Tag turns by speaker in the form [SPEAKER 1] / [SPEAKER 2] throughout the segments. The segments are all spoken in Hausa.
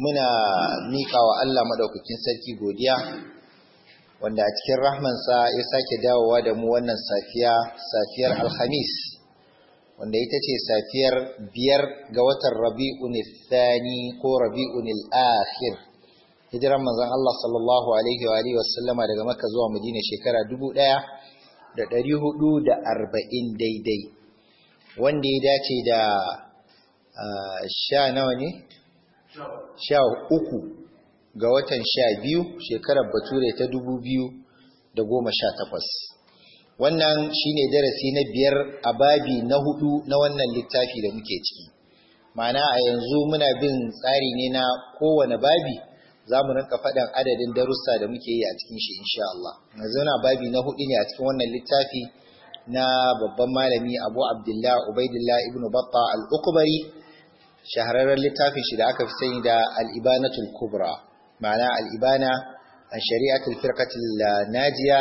[SPEAKER 1] muna miƙa wa Allah maɗaukakin sarki godiya wanda a cikin rahmansa ya sake dawowa da mu wannan safiya safiyar alhamis wanda ita ce safiyar biyar ga watan rabi'un thani ko rabi'un akhir hijiran manzon Allah sallallahu alaihi wa alihi wasallama daga Makka zuwa Madina shekara arba'in daidai wanda ya dace da ah, sha nawa ne sha uku ga watan sha biyu shekarar bature ta dubu biyu da goma sha takwas wannan shine darasi na biyar a babi na hudu na wannan littafi da muke ciki ma'ana a yanzu muna bin tsari ne na kowane babi za mu rinka faɗin adadin darussa da muke yi a cikin shi insha Allah yanzu na babi na hudu ne a cikin wannan littafi na babban malami abu abdullah ubaidullah ibnu batta al-ukbari shahararren littafin shi da aka fi sani da al kubra ma'ana al-ibana an shari'atul firqatil najiya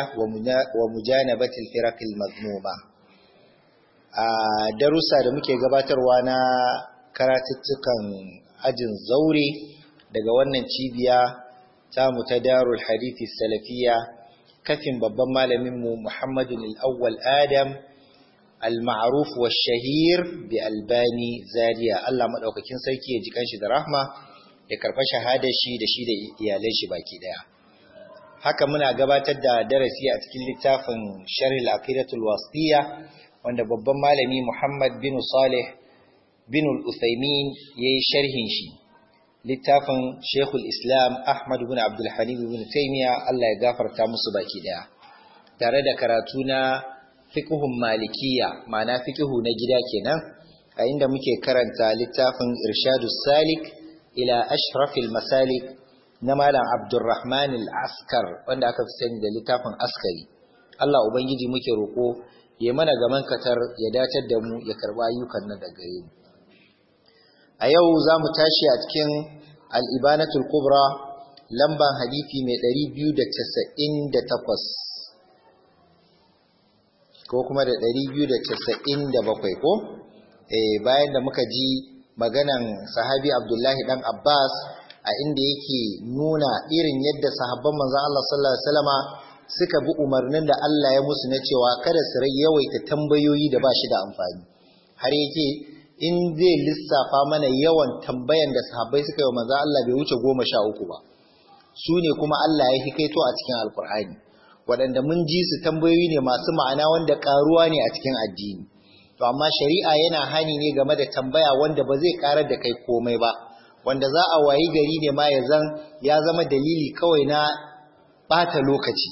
[SPEAKER 1] wa mujanabatil firqil mazmuma a darussa da muke gabatarwa na karatuttukan ajin zaure daga wannan cibiya ta mu ta darul hadithi salafiyya kafin babban malamin mu Muhammadul Adam Alma'aruf maruf wa shahir bi albani zaria Allah madaukakin sarki ya ji kanshi da rahma ya karba shahadar shi da shi da iyalan shi baki ɗaya. haka muna gabatar da darasi a cikin littafin sharh al-aqidatul wasiyya wanda babban malami Muhammad bin Salih bin al yayi sharhin shi littafin Sheikhul Islam Ahmad bin Abdul bin Taymiyyah Allah ya gafarta musu baki ɗaya. tare da karatuna. fiqhun malikiya ma'ana fiqhu na gida kenan a inda muke karanta littafin irshadus salik ila ashrafil masalik na malam abdurrahman al-askar wanda aka fi sani da littafin askari Allah ubangiji muke roƙo, ya mana gaman katar ya dacar da mu ya karɓi ayyukan nan daga mu a yau za mu tashi a cikin al-ibanatul kubra lamban hadifi mai 298 ko kuma da casa'in da bakwai ko eh bayan da muka ji maganan sahabi Abdullahi ɗan Abbas a inda yake nuna irin yadda sahabban manzan Allah sallallahu alaihi wasallama suka bi umarnin da Allah ya musu na cewa kada su rai yawaita tambayoyi da ba shi da amfani har yake in zai lissafa mana yawan tambayan da sahabbai suka yi wa manzan Allah bai wuce goma sha uku ba su ne kuma Allah ya hikaito a cikin alkur'ani waɗanda mun ji su tambayoyi ne masu ma'ana wanda ƙaruwa ne a cikin addini to amma shari'a yana hani ne game da tambaya wanda ba zai ƙarar da kai komai ba wanda za a wayi gari ne ma ya zan ya zama dalili kawai na ɓata lokaci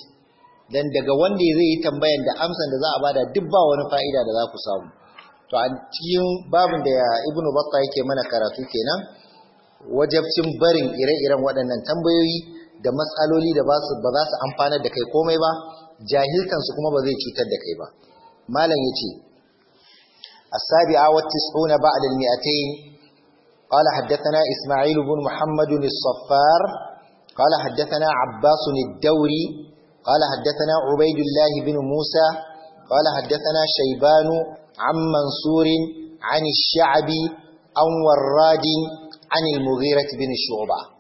[SPEAKER 1] dan daga wanda zai yi tambayan da amsan da za a bada duk ba wani fa'ida da za ku samu to a cikin babin da ibnu bakka yake mana karatu kenan wajabcin barin ire-iren waɗannan tambayoyi da matsaloli da ba za su amfanar da kai komai ba su kuma ba zai cutar da kai ba malam yace as-sabi'a wa tis'una ba'da al-mi'atayn qala haddathana isma'il ibn muhammad as-saffar qala haddathana abbas ad-dawri qala haddathana ubaydullah ibn musa qala haddathana shayban an mansur an ash-sha'bi an warrad an al-mughirah ibn shu'bah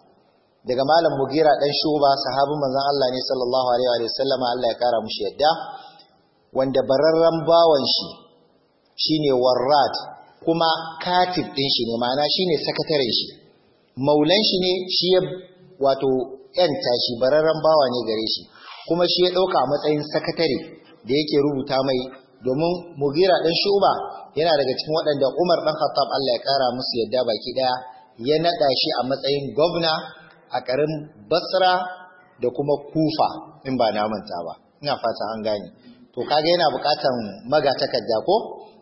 [SPEAKER 1] daga malam mugira dan shuba sahabin manzon Allah ne sallallahu alaihi wa sallama Allah ya kara mushi yadda wanda bararran bawan shi shine warrat kuma katib din shi ne ma'ana shine sakataren shi maulan shi ne shi ya wato 'yan tashi bararran bawa ne gare shi kuma shi ya dauka matsayin sakatare da yake rubuta mai domin mugira dan shuba yana daga cikin waɗanda Umar dan Khattab Allah ya kara musu yadda baki daya ya nada shi a matsayin gwamna a ƙarin basra da kuma kufa in ba na manta ba ina fata an gane to kaga yana buƙatan magatakarda ko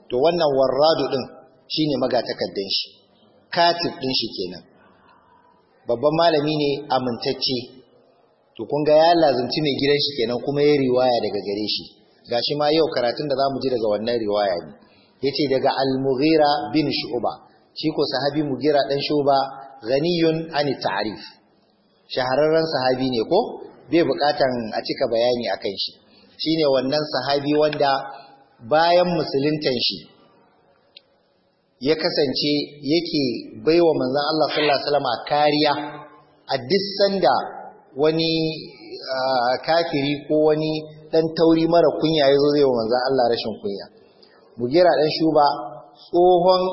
[SPEAKER 1] to wannan warradu din shine magatakardan shi katib din shi kenan babban malami ne amintacce to kun ga ya lazumci mai gidan shi kenan kuma ya riwaya daga gare shi gashi ma yau karatun da zamu ji daga wannan riwaya ne yace daga al-mughira bin shu'ba shi ko sahabi mughira dan shu'ba ghaniyun ani ta'rif shahararren sahabi ne ko bai bukatan a cika bayani akan shi shine wannan sahabi wanda bayan musuluntan shi ya kasance yake baiwa manzon Allah sallallahu alaihi wasallam kariya a duk sanda wani kafiri ko wani dan tauri mara kunya yazo zai wa manzon Allah rashin kunya mugira dan shuba tsohon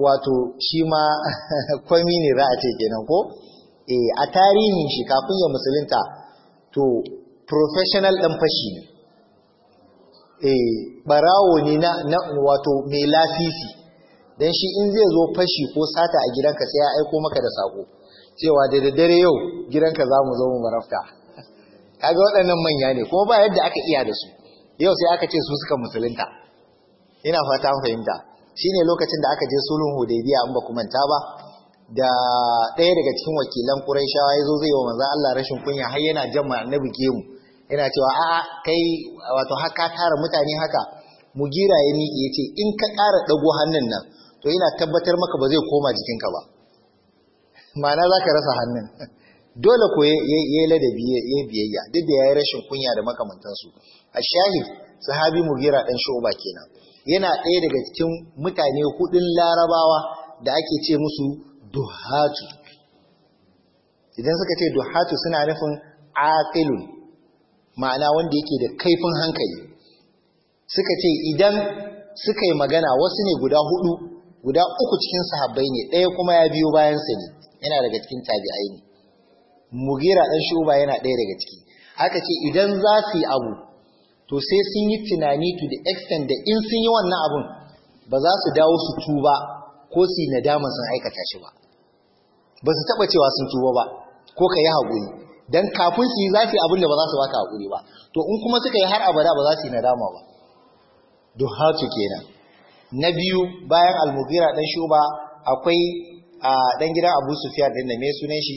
[SPEAKER 1] wato shi ma kwami ne za a ce kenan ko eh a tarihin shi kafin ya musulunta to professional ɗan fashi ne eh barawo ne na, wato mai lasisi dan shi in zai zo fashi ko sata a gidanka sai ya aiko maka da sako cewa da daddare yau gidanka zamu mu zo mu marafta kaga waɗannan manya ne kuma ba yadda aka iya da su yau sai aka ce su suka musulunta ina fata fahimta shine lokacin da aka je sulhun hudaybiya an ba ku manta ba da ɗaya daga cikin wakilan ya zo zai wa manza Allah rashin kunya har yana jan annabi gemu yana cewa a'a kai wato haka tara mutane haka mugira ya miƙe ce in ka ƙara ɗago hannun nan to yana tabbatar maka ba zai koma jikinka ba ma'ana za ka rasa hannun dole ko yi ladabi yayi biyayya duk da ya yi rashin kunya da makamantansu A shahi sahabi mu gira ɗan Shoba kenan yana ɗaya daga cikin mutane hudun larabawa da ake ce musu duhatu idan suka ce duhatu suna nufin aqilun ma'ana wanda yake da kaifin hankali suka ce idan suka yi magana wasu ne guda hudu guda uku cikin sahabbai ne ɗaya kuma ya biyo bayan sa ne yana daga cikin tabi'ai ne mugira dan shuba yana ɗaya daga ciki aka ce idan za su yi abu to sai sun yi tunani to the extent da in sun yi wannan abun ba za su dawo su tuba ko su yi nadama sun aikata shi ba ba su taɓa cewa sun tuba ba ko ka yi haƙuri don kafin su yi zafi su abin da ba za su baka haƙuri ba to in kuma suka yi har abada ba za su yi nadama ba duhatu kenan na biyu bayan almugira dan shuba akwai a dan gidan abu sufiyar din da me sunan shi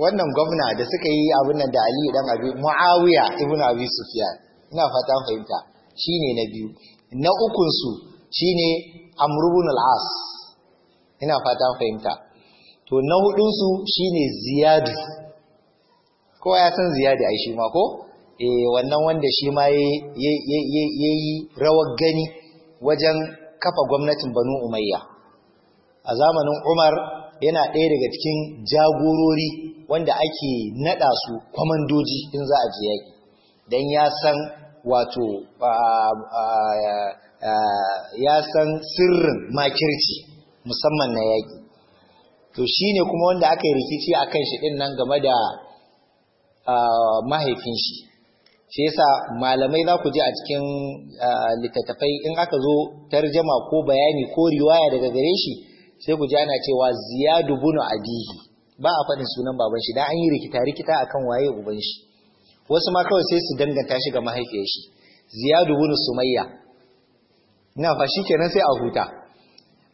[SPEAKER 1] wannan gwamna da suka yi abin nan da ali dan abi muawiya ibnu abi sufiyar ina fatan fahimta shine na biyu na ukun su shine amr ibn al-as ina fata fahimta to na su shine ziyadu kowa ya san ziyadu ai shi ma ko eh wannan wanda shi ma yayi rawar gani wajen kafa gwamnatin Banu Umayya a zamanin Umar yana ɗaya daga cikin jagorori wanda ake nada su kwamandoji in za a je dan ya san wato ya san sirrin makirci musamman na yaƙi to shi ne kuma wanda aka yi rikici a kan shi ɗin nan game da mahaifin shi shi yasa malamai za ku je a cikin littattafai in aka zo tarjama ko bayani ko riwaya daga gare shi sai ku ji ana cewa ziyadu bunu abihi ba a faɗin sunan baban shi dan an yi rikita rikita akan waye uban shi wasu ma kawai sai su danganta shi ga mahaifiyar shi ziyadu bunu sumayya ina fa kenan sai a huta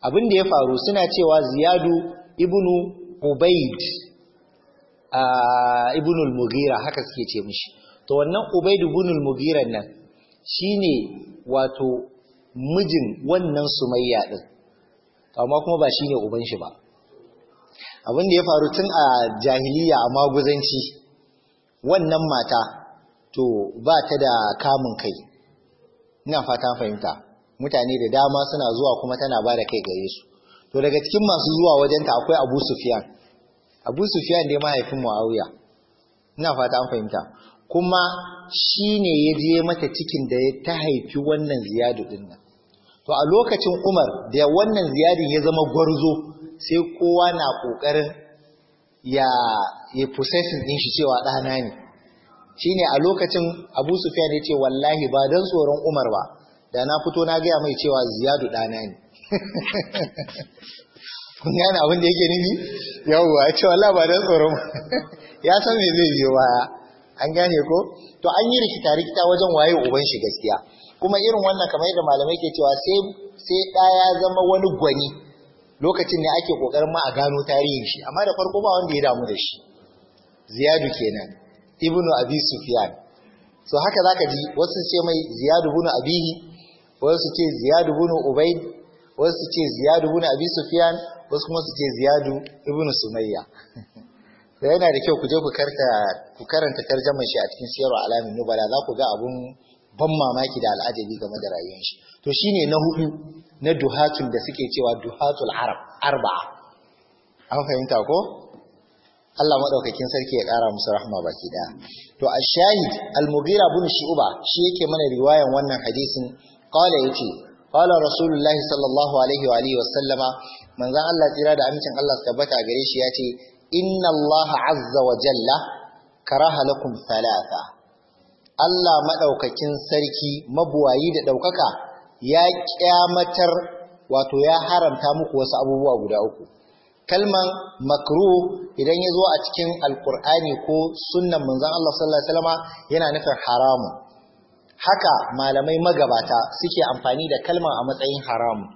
[SPEAKER 1] abin da ya faru suna cewa ziyadu ibnu ubaid ibnu al-mughira haka suke ce mishi to wannan ubaid ibnul al-mughira nan shine wato mijin wannan sumayya din amma kuma ba shine uban shi ba abin da ya faru tun a jahiliya a maguzanci wannan mata to ba ta da kamun kai ina fata fahimta mutane da dama suna zuwa kuma tana ba da kai gare su to daga cikin masu zuwa wajenta akwai abu sufiyan abu sufiyan dai mahaifin muawiya ina fata an fahimta kuma shi ne ya je mata cikin da ta haifi wannan ziyadu din nan to a lokacin umar da wannan ziyadin ya zama gwarzo sai kowa na ƙoƙarin ya ya ɗin din shi cewa ɗana ne shine a lokacin abu sufiyan ya ce wallahi ba don tsoron umar ba da na fito na gaya mai cewa ziyadu ɗana ne kun gane abin da yake nufi yawwa ce wala ba tsoro tsoron ya san me zai biyo waya, an gane ko to an yi rikita rikita wajen waye uban shi gaskiya kuma irin wannan kamar yadda malamai ke cewa sai sai ɗa ya zama wani gwani lokacin ne ake kokarin ma a gano tarihin shi amma da farko ba wanda ya damu da shi ziyadu kenan ibnu abi sufyan so haka zaka ji wasu ce mai ziyadu ibnu abihi wasu ce ziyadu ibn ubaid wasu ce ziyadu ibn abi sufyan wasu kuma su ce ziyadu ibn sumayya da yana da kyau ku je ku karanta tarjamar shi a cikin siyarwa alamin nubala za ku ga abun ban mamaki da al'ajabi game da rayuwar shi to shine na hudu na duhatun da suke cewa duhatul arab arba'a an fahimta ko Allah madaukakin sarki ya kara musu rahma baki daya to ash-shahid al-mughira bin shu'ba shi yake mana riwayan wannan hadisin qala yace qala rasulullahi sallallahu alaihi wa alihi wa tsira da amincin Allah su tabbata gare shi yace inna Allah azza wa jalla karaha lakum thalatha Allah maɗaukakin sarki mabuwayi da ɗaukaka ya ƙyamatar wato ya haramta muku wasu abubuwa guda uku kalman makruh idan ya zo a cikin Alƙur'ani ko sunnan manzon Allah sallallahu yana nufin haramun haka malamai magabata suke amfani da kalma a matsayin haramun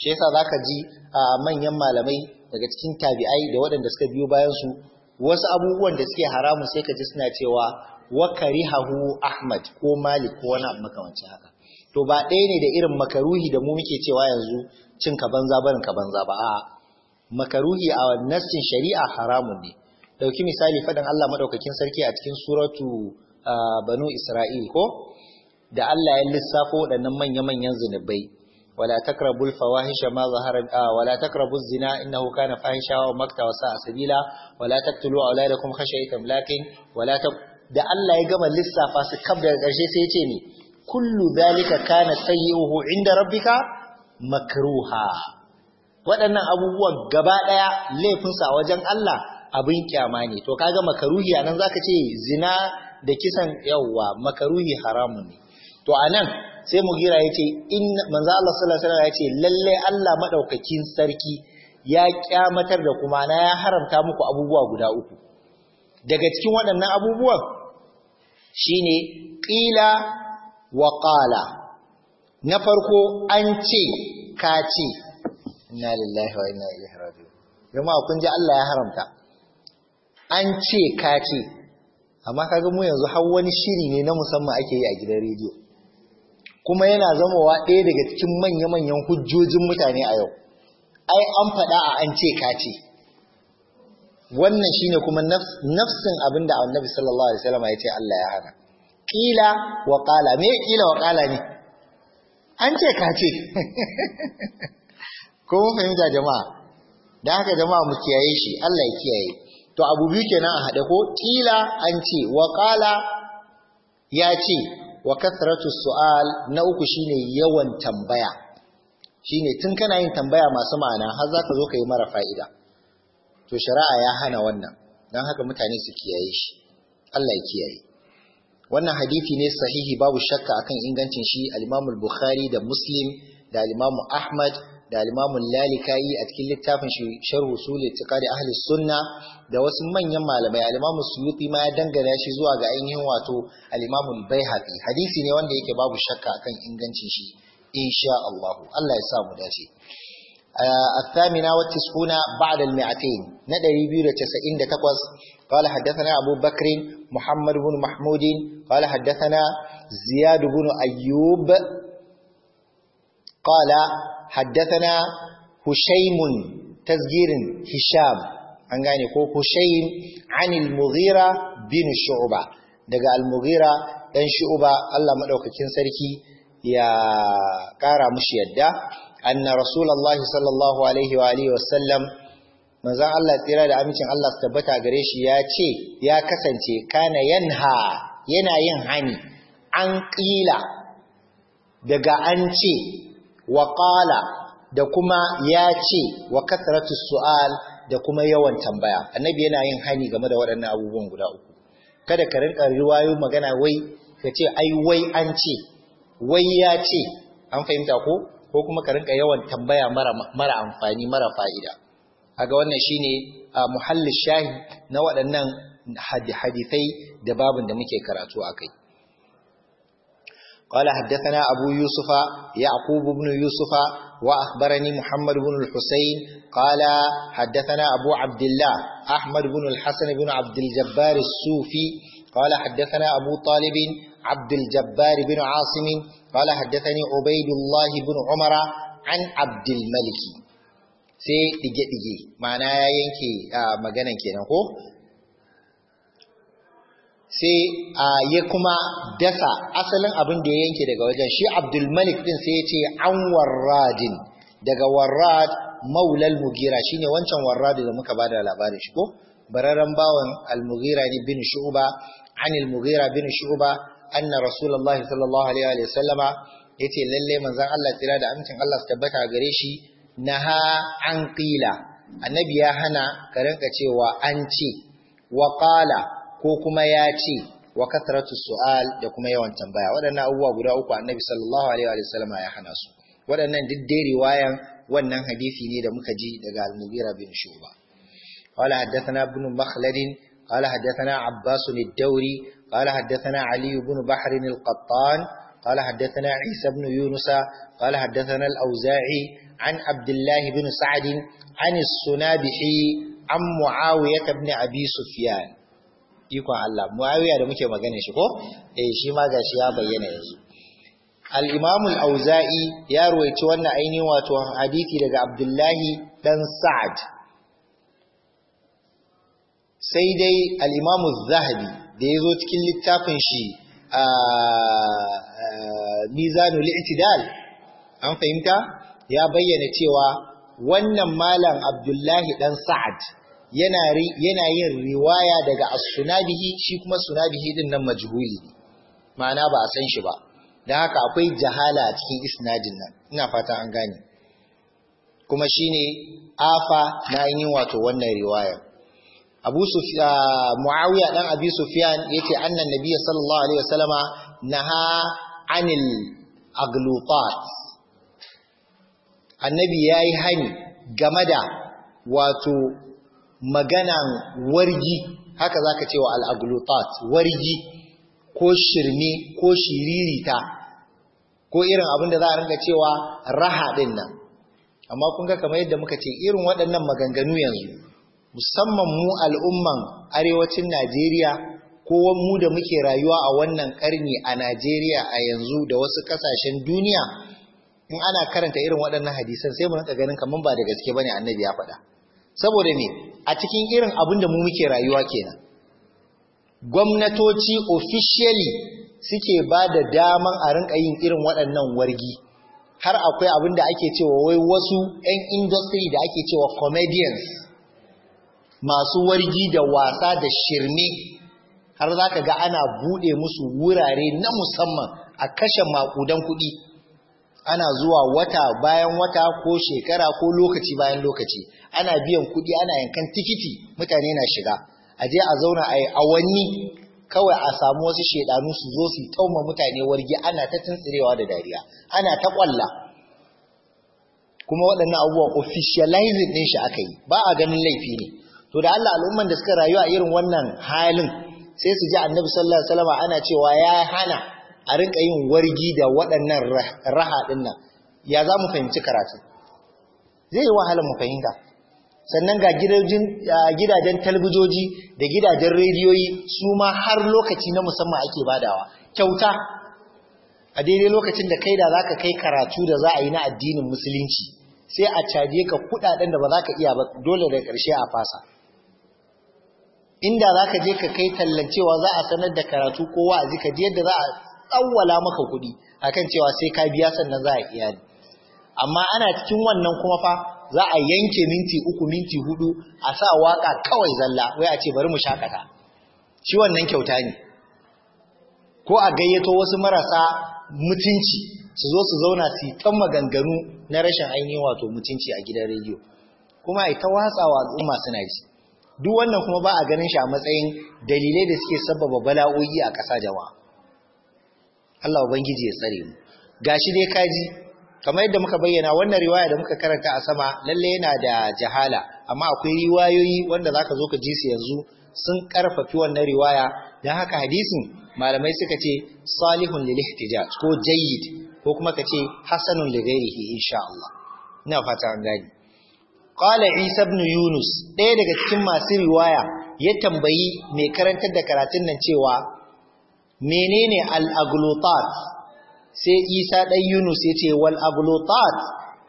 [SPEAKER 1] shi yasa zaka ji a manyan malamai daga cikin tabi'ai da waɗanda suka biyo bayan su wasu abubuwan da suke haramun sai ka ji suna cewa wa karihahu ahmad ko malik ko wani abu makamancin haka to ba ɗaya ne da irin makaruhi da mu muke cewa yanzu cin ka banza barin ka banza ba a'a makaruhi a nassin shari'a haramun ne dauki misali faɗin Allah madaukakin sarki a cikin suratu banu isra'il ko da Allah ya lissafo waɗannan manya-manyan zunubai wala takrabul fawahisha ma zahara wala takrabuz zina innahu kana fahisha wa makta wa sa'a sabila wala taqtulu auladakum khashyata imlakin wala da Allah ya gama lissafa su kaf daga ƙarshe sai ya ce ni kullu zalika kana sayyi'uhu inda rabbika makruha waɗannan abubuwan gaba ɗaya laifinsa a wajen Allah abin kyama ne to kaga makaruhi anan zaka ce zina da kisan yawwa makaruhi haramun ne to anan sai mugira ya ce in manzo Allah sallallahu alaihi wasallam ya ce lalle Allah madaukakin sarki ya ƙyamatar da kuma na ya haramta muku abubuwa guda uku daga cikin waɗannan abubuwan shine ƙila wa qala na farko an ce ka ce inna lillahi wa inna ilaihi raji'un jama'a kun ji Allah ya haramta an ce ka ce amma kaga mu yanzu har wani shiri ne na musamman ake yi a gidan rediyo kuma yana zamowa ɗaya daga cikin manya-manyan hujjojin mutane a yau ai an faɗa a an ce kace wannan shine kuma nafsin abin da annabi sallallahu alaihi wasallam ya ce Allah ya hana kila wa qala me kila wa qala ne an ce kace ko mun fahimta jama'a dan haka jama'a mu kiyaye shi Allah ya kiyaye to abu biyu kenan a hade ko kila an ce wa qala ya ce wa kathratu su'al na uku shine yawan tambaya shine tun kana yin tambaya masu ma'ana har zaka zo kai mara fa'ida to shari'a ya hana wannan dan haka mutane su kiyaye shi Allah ya kiyaye wannan hadisi ne sahihi babu shakka akan ingancin shi al-Imam al-Bukhari da Muslim da al-Imam Ahmad da limamun Lalikai a cikin littafin sharhu usul itiqadi ahli sunna da wasu manyan malamai al-imamu suyuti ma ya dangana shi zuwa ga ainihin wato al-imamu baihaqi hadisi ne wanda yake babu shakka akan ingancin shi insha Allah Allah ya sa mu dace الثامنة والتسعون بعد المئتين ندري بيرة تسعين تقوص قال حدثنا أبو بكر محمد بن محمود قال حدثنا زياد بن أيوب قال haddathana hushaymun tasgirin hisham an gane ko hushaym anil mughira bin shu'ba daga al mughira dan shu'ba Allah madaukakin sarki ya kara mushi yadda anna rasulullahi sallallahu alaihi wa alihi wa sallam manzon Allah tsira da amincin Allah su tabbata gare shi ya ce ya kasance kana yanha yana yin hani an ƙila daga an ce wa da kuma ya ce wa kasaratu su'al da kuma yawan tambaya annabi yana yin hani game da waɗannan abubuwan guda uku kada ka rinka riwayo magana wai ka ce ai wai an ce wai ya ce an fahimta ko ko kuma ka rinka yawan tambaya mara amfani mara fa'ida kaga wannan shine muhallin shahi na waɗannan hadisai da babin da muke karatu akai قال حدثنا أبو يوسف يعقوب بن يوسف وأخبرني محمد بن الحسين قال حدثنا أبو عبد الله أحمد بن الحسن بن عبد الجبار السوفي قال حدثنا أبو طالب عبد الجبار بن عاصم قال حدثني عبيد الله بن عمر عن عبد الملك sai dige-dige ma'ana ya yanke maganan kenan ko sai a ya kuma dasa asalin abin da ya yanke daga wajen shi abdulmalik din sai ya ce an warradin daga warrad maulal mugira shine wancan warradin da muka da labarin shi ko bararren bawan al ne bin shu'ba an al-mugira bin shu'ba anna rasulullah sallallahu alaihi wa sallama yace lalle manzon Allah tsira da amincin Allah su tabbata gare shi naha an qila annabi ya hana ka rinka cewa an ce wa qala ko kuma ya ce wa kasratu su'al da kuma yawan tambaya waɗannan abubuwa guda uku annabi sallallahu alaihi wa sallama ya hana su waɗannan duk dai riwayan wannan hadisi ne da muka ji daga al-mughira bin shuba qala haddathana ibn makhlad qala haddathana abbas ad-dawri qala haddathana ali ibn bahr al-qattan qala haddathana isa ibn yunus qala haddathana al-auza'i an abdullah bin sa'd an as-sunabihi an muawiyah ibn abi sufyan ikon Allah muawiya da muke magana shi ko eh shi ma gashi ya bayyana yanzu al-imam al-auza'i ya ruwaici wannan ainihin wato hadisi daga abdullahi dan sa'ad sai dai al-imam az-zahabi da yazo cikin littafin shi a mizanul i'tidal an fahimta ya bayyana cewa wannan malam abdullahi dan sa'ad yana yin riwaya daga as-sunabihi shi kuma sunabihi din nan majhuli ma'ana ba a san shi ba don haka akwai jahala a cikin isnadin nan ina fata an gane kuma shine afa na yin wato wannan riwaya Abu Sufyan Muawiya dan Abi Sufyan yace annan nabiyyi sallallahu alaihi wasallama naha anil aglutat annabi yayi hani game da wato maganan wargi haka zaka ce wa al'aglutat wargi ko shirme ko shiririta ko irin abin da za a rinka cewa raha ɗin nan amma kun ga kamar yadda muka ce irin waɗannan maganganu yanzu musamman mu al'umman arewacin Najeriya ko mu da muke rayuwa a wannan ƙarni a Najeriya a yanzu da wasu ƙasashen duniya in ana karanta irin waɗannan hadisan sai mu ganin kamar ba da gaske ba ne annabi ya faɗa saboda ne, a cikin irin abin da mu muke rayuwa kenan gwamnatoci officially suke ba da daman a rinka yin irin waɗannan wargi har akwai abin da ake cewa wai wasu 'yan industry da ake cewa comedians masu wargi da wasa da shirme har za ka ga ana buɗe musu wurare na musamman a kashe makudan kuɗi ana zuwa wata bayan wata ko shekara ko lokaci bayan lokaci ana biyan kuɗi ana yankan tikiti mutane na shiga a je a zauna a yi awanni kawai a samu wasu shaidanu su zo su tauma mutane wargi ana ta tuntsirewa da dariya ana ta ƙwalla. kuma waɗannan abubuwan officializing ɗin shi aka yi ba a ganin laifi ne to da Allah al'umman da suka rayu a irin wannan halin sai su ji annabi sallallahu alaihi wasallam ana cewa ya hana a rinka yin wargi da waɗannan raha ɗin nan ya za mu fahimci karatu zai yi wahala mu fahimta sannan ga gidajen talbijoji da gidajen rediyoyi su ma har lokaci na musamman ake badawa kyauta a daidai lokacin da kai da za ka kai karatu da za a yi na addinin musulunci sai a caje ka kudaden da ba za ka iya ba dole da karshe a fasa inda za ka je ka kai tallancewa za a sanar da karatu ko wa'azi ka je yadda za a tsawwala maka kuɗi akan cewa sai ka biya sannan za a iyali amma ana cikin wannan kuma fa za a yanke minti uku minti hudu a sa waka kawai zalla wai a ce bari mu shakata shi wannan kyauta ne ko a gayyato wasu marasa mutunci su zo su zauna su yi tan maganganu na rashin ainihin wato mutunci a gidan rediyo kuma ita watsawa al'umma suna ji duk wannan kuma ba a ganin shi a matsayin dalilai da suke sabbaba bala'o'i a ƙasa jama'a Allah ubangiji ya tsare mu gashi dai kaji kamar yadda muka bayyana wannan riwaya da muka karanta a sama lalle yana da jahala amma akwai riwayoyi wanda ka zo ka ji su yanzu sun karfafi wannan riwaya dan haka hadisin malamai suka ce salihun lil ihtijaj ko jayyid ko kuma ka ce hasanun li ghairihi insha Allah ina fata an gani qala isa ibn yunus ɗaya daga cikin masu riwaya ya tambayi mai karantar da karatun nan cewa menene al-aglutat sai isa ɗan yunus ya ce wal aglutat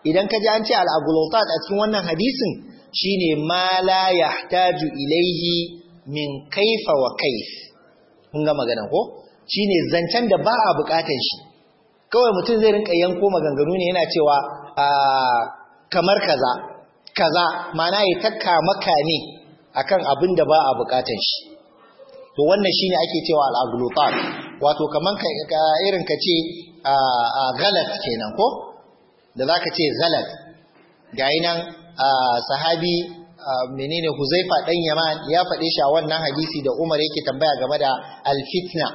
[SPEAKER 1] idan ka ji an ce al aglutat a cikin wannan hadisin shine ma la yahtaju ilaihi min kaifa wa kaif kun ga magana ko shine zancen da ba a bukatan shi kawai mutum zai rinka yanko maganganu ne yana cewa kamar kaza kaza mana ya takka maka ne akan abin da ba a bukatan shi to wannan shine ake cewa al-aghlutat wato kaman ka irin ka ce galat kenan ko da zaka ce galat gayi nan sahabi menene Huzaifa dan Yaman ya faɗe shi a wannan hadisi da Umar yake tambaya game da alfitna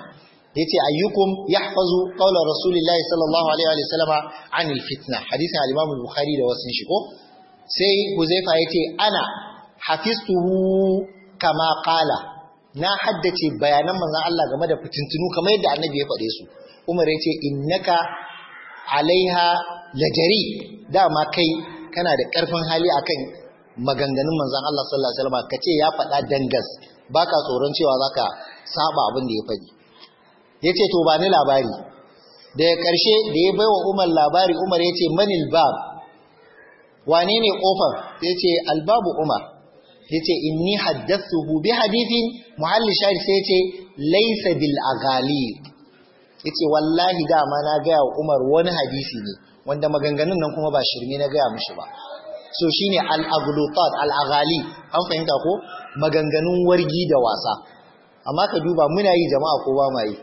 [SPEAKER 1] yace ayyukum yahfazu qawla rasulillahi sallallahu alaihi wa sallama an alfitna fitna hadisin al bukhari da wasu shi ko sai ya ce ana hafistuhu kama qala na haddace bayanan manzon Allah game da fitintunu kamar yadda annabi ya faɗe su Umar ya ce innaka alaiha lajari dama kai kana da ƙarfin hali akan maganganun manzon Allah sallallahu alaihi wasallam kace ya faɗa dangas baka tsoron cewa zaka saba abin da ya faɗi yace to ba ni labari daga ƙarshe da ya baiwa Umar labari Umar yace manil bab wane ne kofar yace albabu Umar yace inni haddathuhu bi hadithin muhalli shari sai yace laysa bil aghaliq ce wallahi dama na gaya wa Umar wani hadisi ne wanda maganganun nan kuma ba shirme na gaya mushi ba so shine al-aghlutat al-aghali an fahimta ko maganganun wargi da wasa amma ka duba muna yi jama'a ko ba ma yi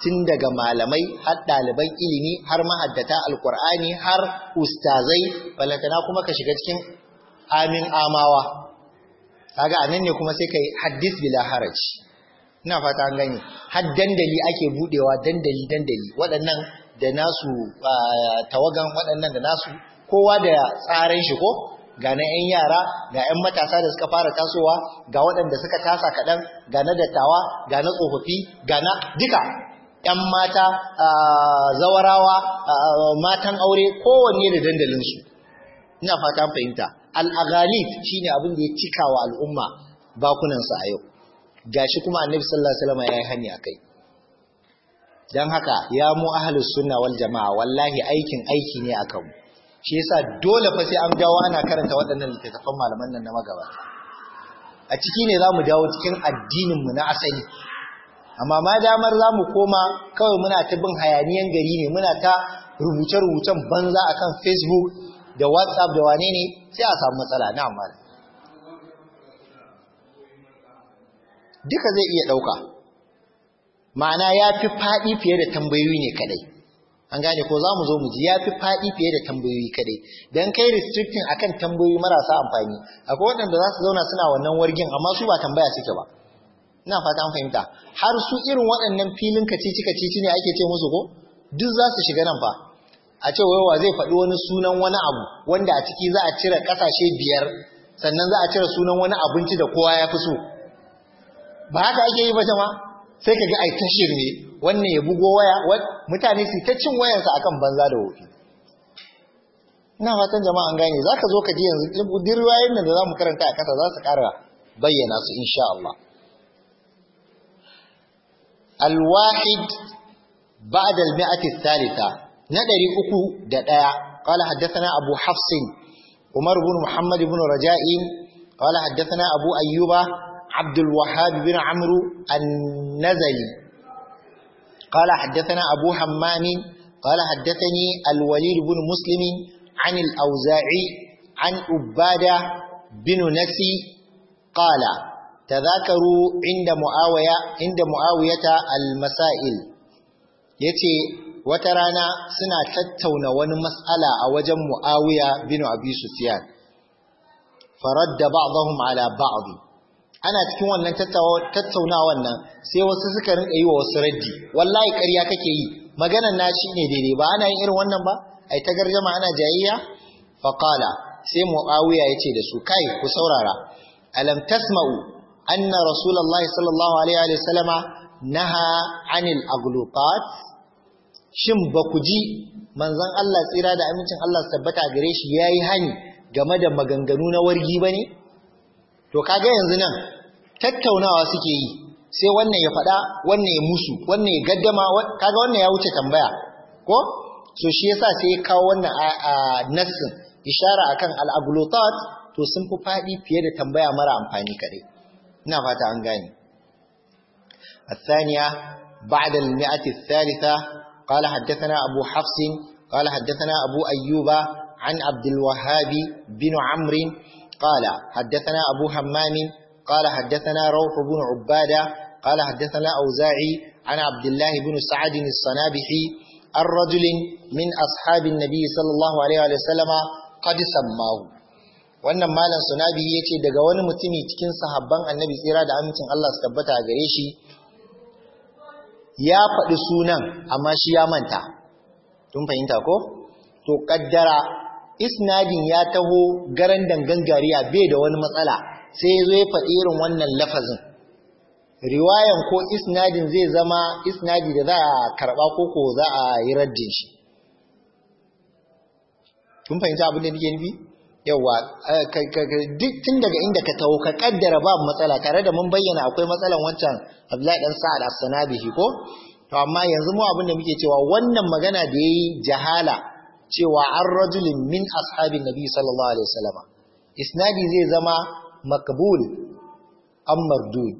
[SPEAKER 1] tun daga malamai har ɗaliban ilimi har ma'addata alkur'ani har ustazai balantana kuma ka shiga cikin amin amawa kaga anan ne kuma sai kai hadis bila haraji ina fata an gani har dandali ake budewa dandali dandali waɗannan da nasu tawagan waɗannan da nasu kowa da tsarin shi ko ga na 'yan yara ga 'yan matasa da suka fara tasowa ga waɗanda suka tasa kaɗan ga na dattawa ga na tsofaffi ga na duka 'yan mata zawarawa matan aure kowanne da dandalinsu ina fata fahimta al'agalib shine abin da ya cika wa al'umma bakunansa a yau gashi kuma annabi sallallahu alaihi wasallam yayi hani akai dan haka ya mu ahlus sunna wal jamaa wallahi aikin aiki ne akan shi yasa dole fa sai an dawo ana karanta waɗannan littafan malaman nan na magabata a ciki ne zamu dawo cikin addinin mu na asali amma ma damar zamu koma kawai muna ta bin hayaniyan gari ne muna ta rubuce-rubucen banza akan Facebook da WhatsApp da wane ne sai a samu matsala na amma duka zai iya ɗauka ma'ana ya fi faɗi fiye da tambayoyi ne kadai an gane ko za mu zo mu ji ya fi faɗi fiye da tambayoyi kaɗai. don kai restricting akan tambayoyi marasa amfani akwai waɗanda za su zauna suna wannan wargin amma su ba tambaya suke ba ina fata an fahimta har su irin waɗannan filin kacici kacici ne ake ce musu ko duk za su shiga nan fa a ce wayowa zai faɗi wani sunan wani abu wanda a ciki za a cire ƙasashe biyar sannan za a cire sunan wani abinci da kowa ya fi so ba haka ake yi ba jama'a sai ka ai ta shirme wannan ya bugo waya mutane su ta cin wayansa akan banza da wofi ina fatan jama'a an gane zaka zo ka ji yanzu duk riwayoyin da zamu karanta a kasa za su ƙara bayyana su insha Allah الواحد بعد na الثالثة uku da دقاء قال حدثنا abu حفص Umar بن محمد بن raja'i قال حدثنا abu Ayyuba. عبد الوهاب بن عمرو النزلي قال حدثنا أبو حمام قال حدثني الوليد بن مسلم عن الأوزاعي عن أبادة بن نسي قال تذاكروا عند معاوية عند معاوية المسائل يتي وترانا سنة تتون ونمسألة أوجم معاوية بن أبي سفيان فرد بعضهم على بعض ana cikin wannan tattaunawan nan sai wasu suka rinka yi wa wasu raddi wallahi ƙarya kake yi maganan na shi ne daidai ba ana yin irin wannan ba ai ta garjama ana jayayya faqala sai muawiya yace da su kai ku saurara alam tasma'u anna rasulullahi sallallahu alaihi wa sallama naha anil aghluqat shin ba ku ji manzon Allah tsira da amincin Allah tabbata gare shi yayi hani game da maganganu na wargi bane to kaga yanzu nan tattaunawa suke yi sai wannan ya faɗa wannan ya musu wannan ya gaddama kaga wannan ya wuce tambaya ko so shi yasa sai ya kawo wannan nassin ishara akan al-aghlutat to sun fi faɗi fiye da tambaya mara amfani kare. ina fata an gane الثانية بعد المئة الثالثة قال حدثنا أبو حفص قال حدثنا أبو أيوب عن عبد الوهاب بن عمرو قال حدثنا أبو حمام قال حدثنا روح بن عبادة قال حدثنا أوزاعي عن عبد الله بن سعد الصنابحي الرجل من أصحاب النبي صلى الله عليه وسلم قد سماه wannan malam sunabi ya ce daga wani mutumi cikin sahabban annabi tsira da amincin Allah su tabbata a gare shi ya faɗi sunan amma shi ya manta tun fahimta ko to kaddara isnadin ya taho garan dangan jariya bai da wani matsala sai zo ya faɗi irin wannan lafazin riwayan ko isnadin zai zama isnadi da za a karɓa ko ko za a yi raddin shi kun fahimta abin da nake nufi yawa eh, duk tun daga inda ka taho ka kaddara babu matsala tare da mun bayyana akwai matsalan wancan Abdullahi dan Sa'ad as-Sanabihi ko to amma yanzu mu abin da muke cewa wannan magana da yayi jahala cewa an rajulin min ashabin nabi sallallahu alaihi wasallam isnadi zai zama makbul an mardud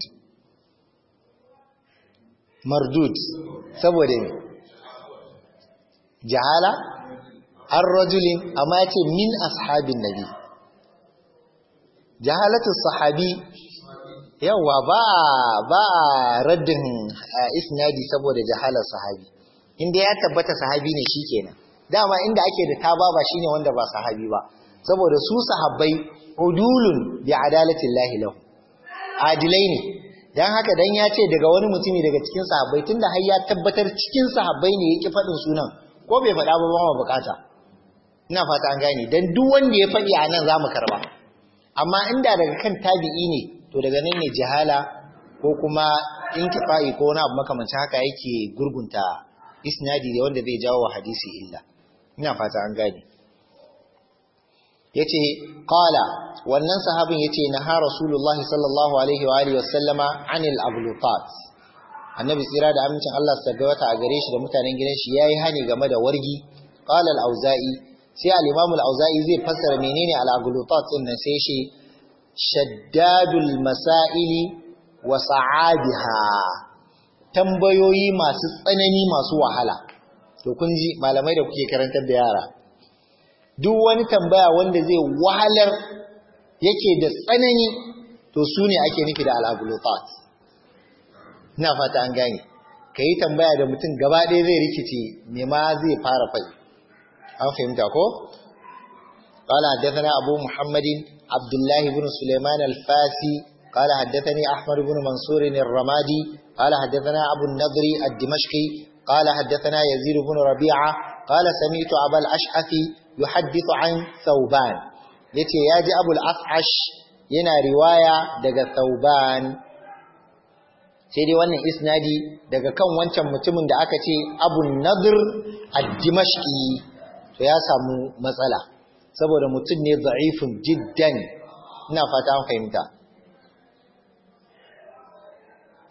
[SPEAKER 1] mardud saboda ne jahala an rajulin amma yace min ashabin nabi jahalatu sahabi yawa ba ba raddin eh, isnadi saboda jahalar sahabi inda ya tabbata sahabi ne shi kenan. dama inda ake da taba ba shine wanda ba sahabi ba saboda su sahabbai udulun bi adalatillahi lahu adilai ne dan haka dan ya ce daga wani mutumi daga cikin sahabbai tunda har ya tabbatar cikin sahabbai ne yake faɗin sunan ko bai faɗa ba ba bukata ina fata an gane dan duk wanda ya faɗi a nan zamu karba amma inda daga kan tabi'i ne to daga nan ne jahala ko kuma in kifa'i ko wani abu makamancin haka yake gurgunta isnadi wanda zai jawo wa hadisi illa ina fata an gane yace qala wannan sahabin yace na ha rasulullah sallallahu alaihi wa alihi wasallama anil annabi tsira da amincin Allah su tabbata a gare shi da mutanen gidan shi yayi hani game da wargi qala al-auza'i sai al-imam al-auza'i zai fassara menene al-ablutat din nan sai shi shaddadul masaili wa sa'adiha tambayoyi masu tsanani masu wahala to kun ji malamai da kuke karantar da yara duk wani tambaya wanda zai wahalar yake da tsanani to su ne ake nufi da al'agulutat ina fata an gane ka yi tambaya da mutum gaba ɗaya zai rikice ne ma zai fara fai an fahimta ko قال حدثنا أبو محمد عبد الله بن سليمان الفاسي قال حدثني أحمد بن منصور الرمادي قال حدثنا أبو النضر الدمشقي قال حدثنا يزيد بن ربيعة قال سمعت أبا الأشعث يحدث عن ثوبان يتي ياجي أبو الأفعش ينا رواية دقى ثوبان sai dai wannan isnadi daga kan wancan mutumin da aka ce abu nadir ad-dimashqi to ya samu matsala saboda mutum ne zaifin jiddan ina fata fahimta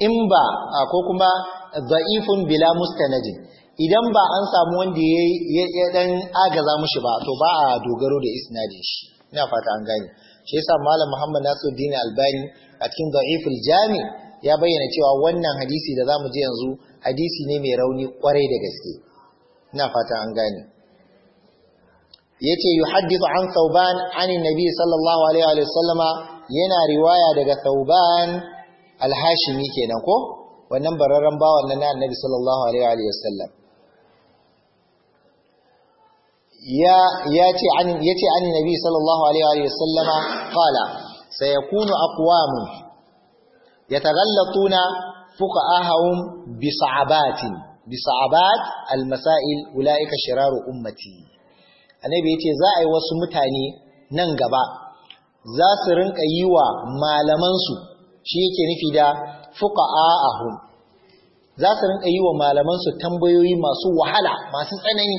[SPEAKER 1] in ba ko kuma za'ifun bila mustanadin idan ba an samu wanda ya dan agaza mushi ba to ba a dogaro da isnadin shi ina fata an gane shi yasa malam Muhammad Nasiruddin Albani a cikin Da'iful Jami ya bayyana cewa wannan hadisi da zamu ji yanzu hadisi ne mai rauni kwarai da gaske ina fata an gane yace yuhaddithu an sauban, an Nabi sallallahu alaihi wa sallama yana riwaya daga sauban. alhashimi kenan ko wannan bararren bawan nan na annabi sallallahu alaihi wa sallam ya ce an yace an sallallahu alaihi wa sallama qala sayakunu aqwamun yataghallatuna fuqahahum bisa'abatin bisa'abat almasail ulaika shiraru ummati annabi yace za a yi wasu mutane nan gaba za su rinka yi wa malamansu shi yake nufi da fuqa'ahum za su rinka yi wa malaman su tambayoyi masu wahala masu tsanani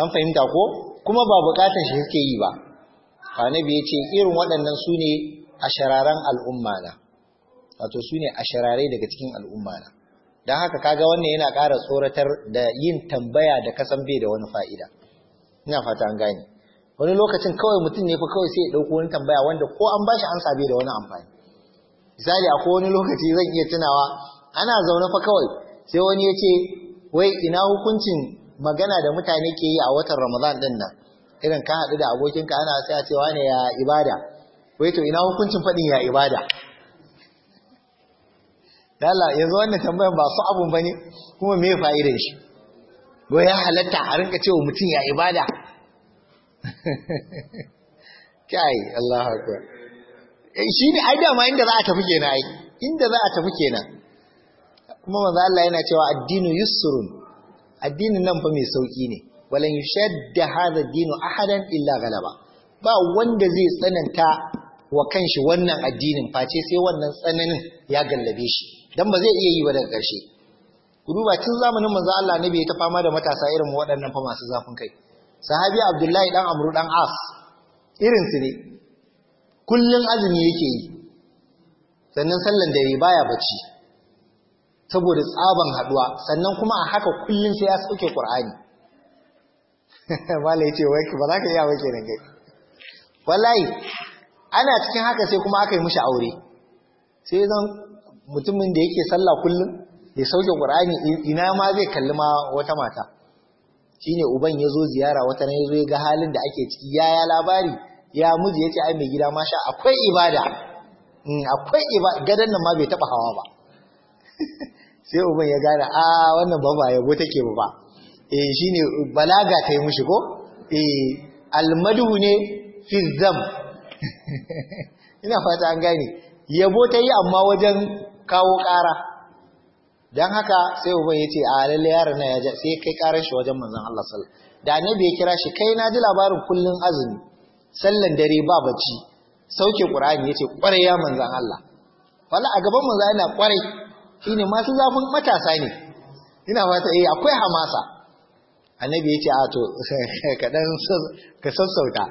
[SPEAKER 1] an fahimta ko kuma ba bukatar shi suke yi ba annabi ya ce irin waɗannan su ne ashararan al'umma na wato su ne daga cikin al'umma na don haka kaga wannan yana ƙara tsoratar da yin tambaya da kasan bai da wani fa'ida ina fata an gane wani lokacin kawai mutum ne fa kawai sai ya ɗauko wani tambaya wanda ko an bashi an sabe da wani amfani misali akwai wani lokaci zan iya tunawa ana zaune fa kawai sai wani ya ce wai ina hukuncin magana da mutane ke yi a watan ramadan din nan irin ka haɗu da abokinka ana sai a ce wane ya ibada wai to ina hukuncin faɗin ya ibada Dala yanzu wannan tambayan ba su abun ne kuma me fa'idar shi go ya halatta a rinka cewa mutum ya ibada kai Allahu akbar Eh, shi ne ai dama inda za a tafi kenan ai inda za a tafi kenan kuma manzo Allah yana cewa addinu yusrun addinin nan fa mai sauki ne walan yushadda hadha dinu ahadan illa galaba ba wanda zai tsananta wa kanshi wannan addinin face sai wannan tsananin ya gallabe shi dan ba zai iya yi ba daga karshe ku duba tun zamanin manzo Allah nabi ya ta fama da matasa irin waɗannan fa masu zafin kai sahabi Abdullahi dan Amru dan As irin su ne kullum azumi yake yi sannan sallan dare baya bacci saboda tsaban haduwa sannan kuma a haka kullum sai ya sauke qur'ani wallahi ce wai ba za ka iya wake ne kai wallahi ana cikin haka sai kuma aka yi mishi aure sai zan mutumin da yake sallah kullum ya sauke qur'ani ina ma zai kalli ma wata mata shine uban yazo ziyara wata ne yazo ya ga halin da ake ciki yaya labari ya ya ce ai mai gida masha akwai ibada hmm, akwai ibada gadan nan ma bai taba hawa ba sai uban ya gane a wannan ba ba yabo take ba ba eh shine balaga ta yi mushi ko eh almadu ne fi zam ina fata an gane yabo ta yi amma wajen kawo ƙara dan haka sai uban yace a lalle yaron nan ya sai kai karar shi wajen manzon Allah sallallahu alaihi wasallam da ne bai kira shi kai na ji labarin kullun azumi sallan dare ba bacci sauke qur'ani yace kwarai ya manzan Allah wala a gaban manzan yana kwarai shine masu zafin matasa ne ina fata eh akwai hamasa annabi yace a to ka dan ka sassauta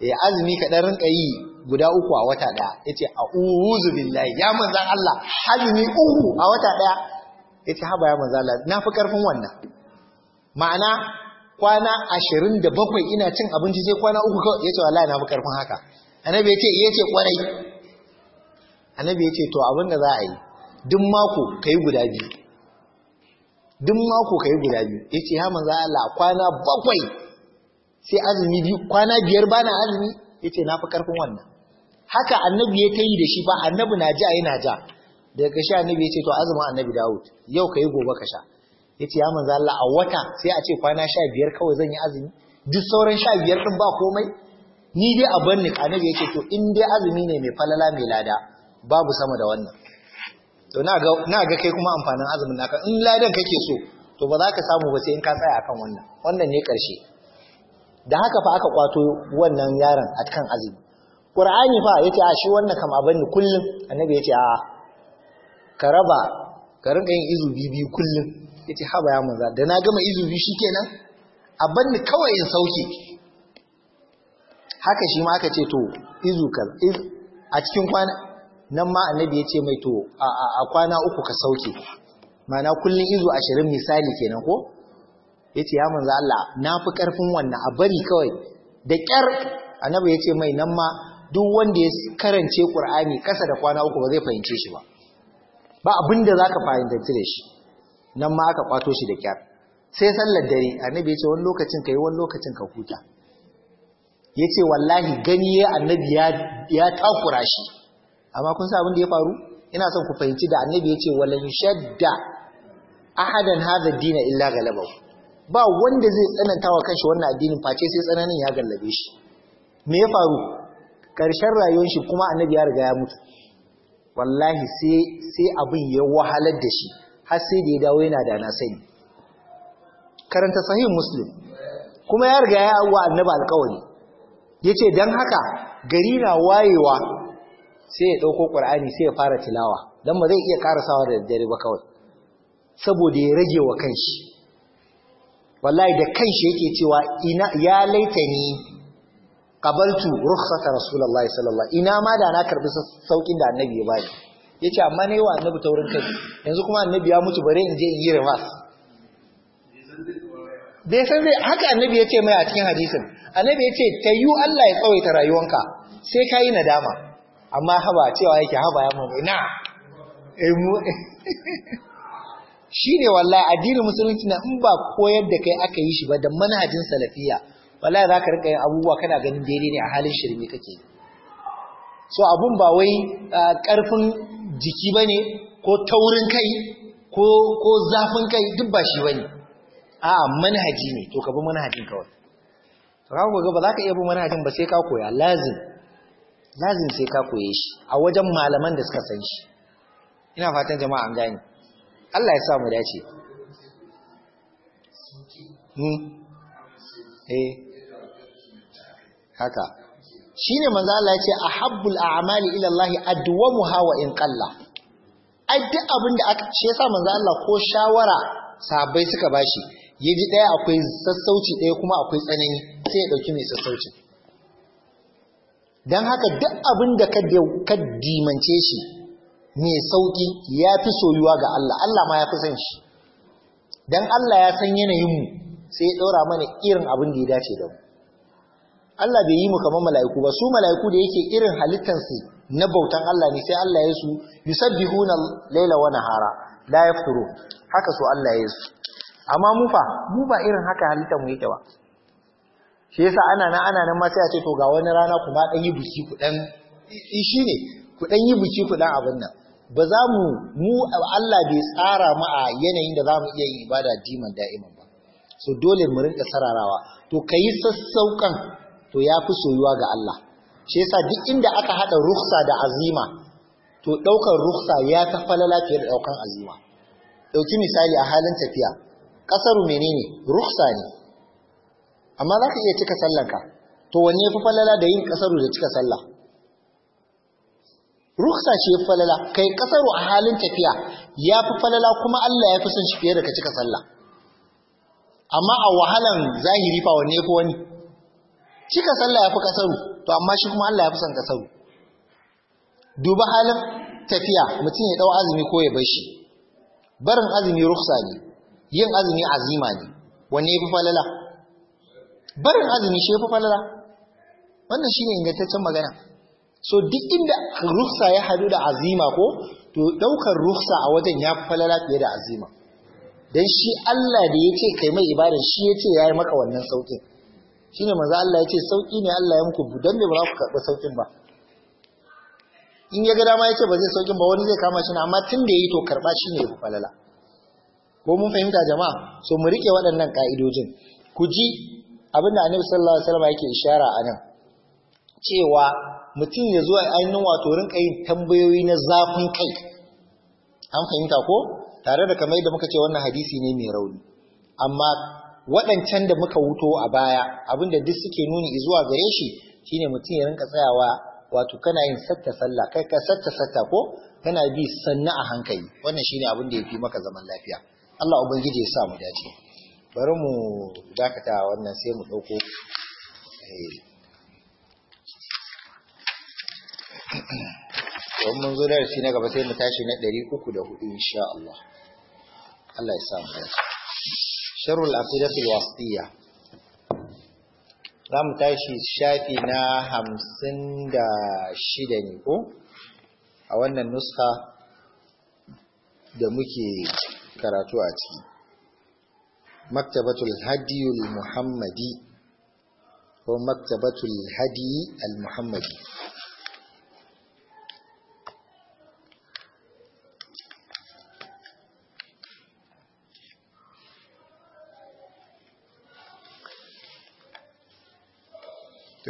[SPEAKER 1] eh azumi ka dan rinka yi guda uku a wata daya yace a'udhu billahi ya manzan Allah azumi uku a wata daya yace haba ya manzan Allah na fi karfin wannan ma'ana kwana ashirin da bakwai ina cin abinci sai kwana uku kawai ya ce wallahi na fi haka annabi ya ce eh, ya ce kwarai annabi ya ce to abin da za a yi duk mako ka yi guda biyu duk mako ka yi guda biyu ya ce za a la kwana bakwai sai azumi biyu kwana biyar ba na azumi ya ce na fi karfin wannan haka annabi ya ta yi da shi ba annabi na ja yana ja daga shi annabi ya ce to azumin annabi dawud yau ka yi gobe ka sha ya ce ya manzo Allah a wata sai a ce kwana sha biyar kawai zan yi azumi duk sauran sha biyar ɗin ba komai ni dai a ban ni kanabi yake to in dai azumi ne mai falala mai lada babu sama da wannan to na ga na ga kai kuma amfanin azumin naka in ladan kake so to ba za ka samu ba sai in ka tsaya akan wannan wannan ne karshe da haka fa aka kwato wannan yaron a kan azumi qur'ani fa yace a shi wannan kam a ni kullum annabi yace a ka raba ka rinka yin izu bibi kullun. ya ce haba ya maza da na gama izubi shi kenan a da kawai in sauke haka shi ma aka ce to izu ka a cikin kwana nan ma annabi ya ce mai to a kwana uku ka sauke ma'ana kullum izu ashirin misali kenan ko ya ce ya maza Allah na fi ƙarfin wannan a bari kawai da ƙyar annabi ya ce mai nan ma duk wanda ya karance ƙur'ani ƙasa da kwana uku ba zai fahimce shi ba ba abin da za ka fahimtar da shi nan ma aka kwato shi da kyar sai sallar dare annabi ya ce wani lokacin ka wani lokacin ka huta ya ce wallahi gani ya annabi ya takura shi amma kun sa abin da ya faru ina son ku fahimci da annabi ya ce walan shadda ahadan hadha dina illa galabau? ba wanda zai tsananta wa kanshi wannan addinin face sai tsananin ya gallabe shi me ya faru karshen rayuwar shi kuma annabi ya riga ya mutu wallahi sai abin ya wahalar da shi har sai da ya dawo yana da na sani karanta sahihin muslim kuma ya riga ya auwa annabi Ya yace dan haka gari na wayewa sai ya ɗauko qur'ani sai ya fara tilawa dan ba zai iya karasawa da daddare ba kawai saboda ya rage wa kanshi wallahi da kanshi yake cewa ina ya ni qabaltu rukhsata rasulullahi sallallahu alaihi ina ma da na karbi saukin da annabi ya bani ce amma ne wa annabi taurin kai yanzu kuma annabi ya mutu bare in je in yi reverse bai san zai haka annabi ce mai a cikin hadisin annabi ta yi Allah ya tsawaita rayuwanka sai ka yi nadama amma haba cewa yake haba ya mamu ina eh mu ne wallahi addinin musulunci na in ba koyar da kai aka yi shi ba da manhajin salafiya wallahi ka rika yin abubuwa kana ganin daidai ne a halin shirme kake so abun ba wai karfin ah, jiki ba ne ko taurin kai ko zafin kai duk ba shi ba ne a manhaji ne to ka bi manhajin kawai to ka ga ba za ka iya bi manhajin ba sai ka koya lazim lazim sai ka koye shi a wajen malaman da suka san shi ina fatan jama'a an gane Allah ya sa mu dace hmm? eh. haka shine manzo Allah ya ce ahabbul a'mali ila Allah adwamuha wa in kalla ai duk abin da aka ce yasa manza Allah ko shawara sabai suka bashi yaji ɗaya akwai sassauci ɗaya kuma akwai tsanani sai ya dauki mai sassauci Don haka duk abin da ka dimance shi mai sauki ya fi soyuwa ga Allah Allah ma ya fi san shi Don Allah ya san yanayinmu sai ya daura mana irin abin da ya dace da mu Allah bai yi mu kamar mala'iku ba su mala'iku da yake irin halittansu na bautan Allah ne sai Allah ya su yusabbihuna laila wa nahara la yafturu haka su Allah ya su amma mu fa mu ba irin haka halittan mu yake ba shi yasa ana nan ana nan ma sai a ce to ga wani rana kuma dan yi biki ku dan eh, shi ne ku dan yi biki ku dan abin nan ba za mu mu Allah bai tsara mu a yanayin da za mu iya yin ibada diman da'iman ba so dole mu rinka sararawa to kayi sassaukan to ya fi soyuwa ga Allah shi yasa duk inda aka haɗa ruksa da azima to ɗaukar ruksa ya ta falala fiye da azima ɗauki misali a halin tafiya ƙasaru menene ruksa ne amma za ka iya cika sallanka to wani ya fi falala da yin ƙasaru da cika sallah ruksa shi ya fi falala kai kasaru a halin tafiya ya fi falala kuma Allah ya fi son shi fiye da ka cika sallah amma a wahalan zahiri fa wani ya fi wani cika sallah yafi kasaru to amma shi kuma Allah yafi son kasaru duba halin tafiya mutum ya dau azumi ko ya bar shi barin azumi ruksa ne yin azumi azima ne wanne yafi falala barin azumi shi yafi falala wannan shine ingantaccen magana so duk inda ruksa ya hadu da azima ko to daukar ruksa a wajen yafi falala fiye da azima dan shi Allah da ya ce kai mai ibada shi ya ce ya yi maka wannan sautin. shine manzo Allah ya ce sauki ne Allah ya muku dan me ba za ku karɓi saukin ba in ya ga dama ya ce ba zai saukin ba wani zai kama shi na amma tun da yi to karɓa shi ne falala ko mun fahimta jama'a so mu rike waɗannan ka'idojin ku ji abin da annabi sallallahu alaihi wasallam yake ishara a nan cewa mutum ya zo ainihin wato rinka yin tambayoyi na zafin kai an fahimta ko tare da kamar yadda muka ce wannan hadisi ne mai rauni amma waɗancan da muka wuto a baya abinda duk suke nuni zuwa gare shi shine mutum ya rinka tsayawa wato kana yin satta sallah kai ka satta satta ko kana bi sannu a hankali wannan shine abin da yafi maka zaman lafiya Allah ubangiji ya sa mu dace bari mu dakata wannan sai mu ɗauko. don eh, mun zo shi na gaba sai mu tashi na 304 insha Allah Allah ya sa mu dace sharhul aqidatul wasitiyya zamu tashi shafi na hamsin da shida ne ko a wannan nuska da muke karatu a ciki maktabatul hadiyul muhammadi ko maktabatul hadi al muhammadi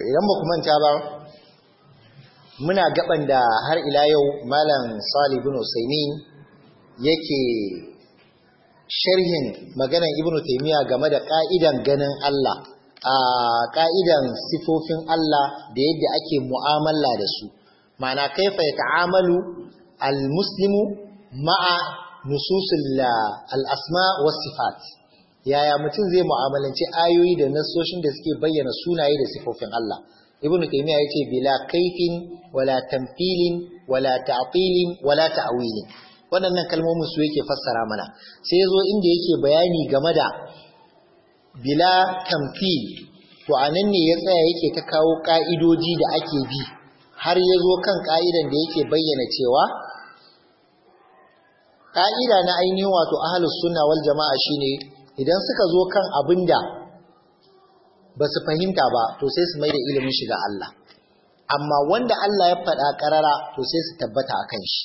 [SPEAKER 1] to idan ba manta ba muna gaban da har ila yau malam Salih ibn Usaimin yake sharhin maganan Ibn taymiya game da ka'idan ganin Allah a ka'idan sifofin Allah da yadda ake mu'amala da su ma'ana kaifa yata'amalu al-muslimu ma'a nususul al-asma was sifat yaya mutum zai mu'amalanci ayoyi da nasoshin da suke bayyana sunaye da sifofin Allah ibnu taymiya yace bila kaifin wala tamfilin wala ta'tilin wala ta'wilin waɗannan kalmomin su yake fassara mana sai yazo inda yake bayani game da bila tamfil to anan ne ya tsaya yake ta kawo ka'idoji da ake bi har yazo kan ka'idan da yake bayyana cewa ka'ida na ainihin wato ahlus sunna wal jama'a shine idan suka zo kan abin da ba su fahimta ba to sai su mai da ilimin shiga Allah amma wanda Allah ya faɗa ƙarara to sai su tabbata a kan shi